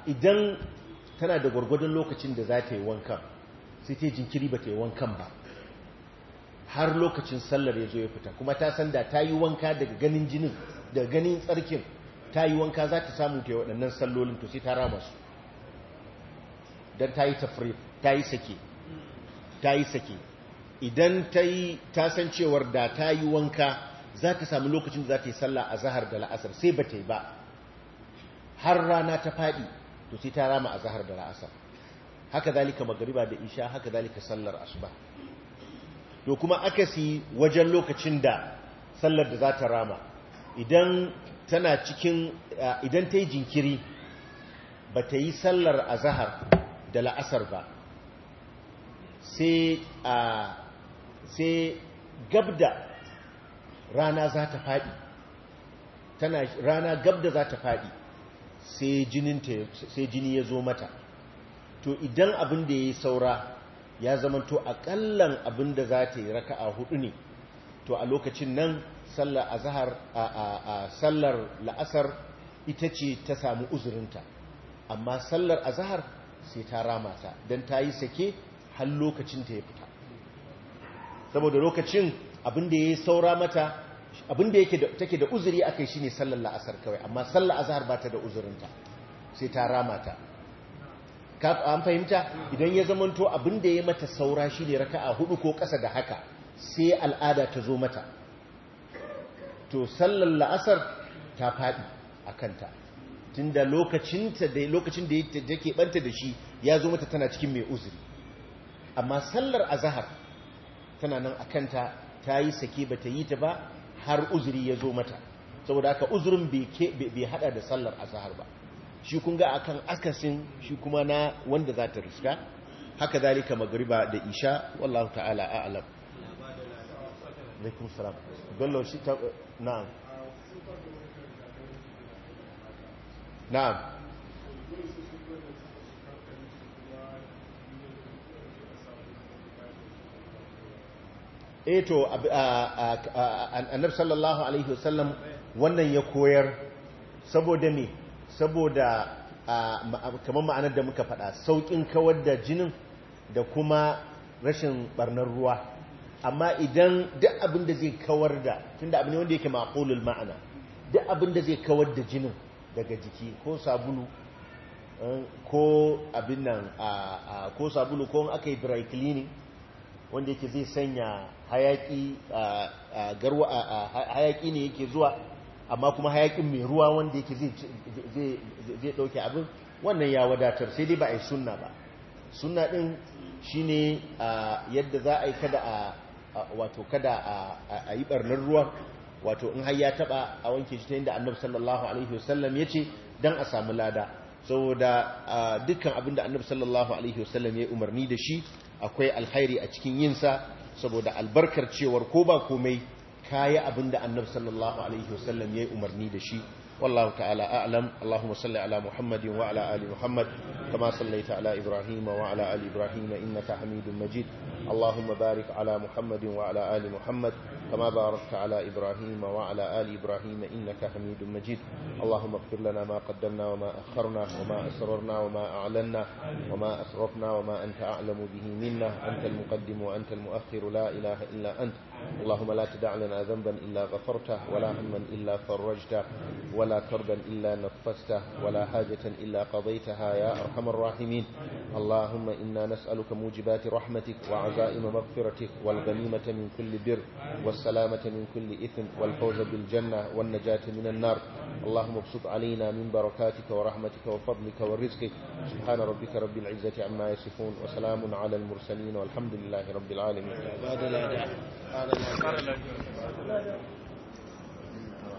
idan tana da gwargwadon lokacin da za ta yi wankan sai ta yi jinkiri ba ta yi wankan ba har lokacin sallar ya zo ya fita kuma ta san da ta yi wanka daga ganin jinin daga ganin tsarkin ta yi wanka za ta samu ta yi waɗannan sallolin to sai ta rama su don ta yi tafri ta yi sake ta yi sake idan ta yi tasancewar da ta yi wanka za samu sami lokacin da za ta yi sallah a zahar da la'asar sai ba ta yi ba har rana ta faɗi to sai ta rama a zahar da la'asar haka zalika magariba da isha haka zalika sallar asuba to kuma akasi wajen lokacin da sallar da za ta rama idan tana cikin idan ta yi jinkiri ba ta yi sallar azahar da la'asar ba sai gabda rana za ta faɗi tana rana gabda za ta faɗi sai jini ya zo mata to idan abin da ya yi saura ya zamanto akallan abin da za ta yi a hudu ne to a lokacin nan sallar azahar a sallar la'asar ita ce ta samu uzurinta amma sallar azahar sai ta rama ta don ta yi sake har lokacin ta ya fita saboda lokacin abin da ya saura mata abin da take da uzuri akai ne sallar la'asar kawai amma sallar azahar ba ta da uzurinta sai ta rama ta an fahimta idan ya zamanto abin da ya mata saura shi ne raka a hudu ko kasa da haka sai al'ada ta zo mata to sallar la'asar ta faɗi a kanta tunda lokacin da lokacin da ke banta da shi ya zo mata tana cikin mai uzuri amma sallar azahar tana nan akanta ta yi sake ba ta yi ta ba har uzuri ya zo mata saboda haka uzurin bai hada da sallar azahar ba shi kun ga akan akasin shi kuma na wanda za ta riska haka zalika magariba da isha wallahu ta'ala a'lam Eto eh to annab sallallahu alaihi wasallam wannan ya koyar saboda me saboda kamar ma'anar da muka faɗa sauƙin kawar da jinin da kuma rashin barnar ruwa amma idan duk abin da zai kawar da tunda abin wanda yake ma'akulul ma'ana duk abin da zai kawar da jinin daga jiki ko sabulu eh, ko abin nan ko sabulu ko aka yi dry cleaning wanda yake zai sanya hayaki ne yake zuwa amma kuma hayakin mai ruwa wanda yake zai dauke abin wannan ya wadatar sai dai ba a yi sunna ba sunna din shine yadda za a yi kada a wato kada yi barnar ruwa wato in har ya taba a wanke shi ta da annabi sallallahu alaihi wasallam ya ce don a samu lada saboda dukkan abin da annab sallallahu alaihi wasallam ya umarni da shi akwai alkhairi a cikin yinsa saboda albarkar cewar ko ba komai kayi abinda annabi sallallahu alaihi wasallam ya yi umarni da shi والله تعالى أعلم اللهم صل على محمد وعلى آل محمد كما صليت على إبراهيم وعلى آل إبراهيم إنك حميد مجيد اللهم بارك على محمد وعلى آل محمد كما باركت على إبراهيم وعلى آل إبراهيم إنك حميد مجيد اللهم اغفر لنا ما قدمنا وما أخرنا وما أسررنا وما أعلنا وما أسرفنا وما أنت أعلم به منا أنت المقدم وأنت المؤخر لا إله إلا أنت اللهم لا تدع لنا ذنبا إلا غفرته ولا هما إلا فرجته ولا كربا إلا نفسته ولا حاجة إلا قضيتها يا أرحم الراحمين اللهم إنا نسألك موجبات رحمتك وعزائم مغفرتك والغنيمة من كل بر والسلامة من كل إثم والفوز بالجنة والنجاة من النار اللهم ابسط علينا من بركاتك ورحمتك وفضلك ورزقك سبحان ربك رب العزة عما يصفون وسلام على المرسلين والحمد لله رب العالمين lafiya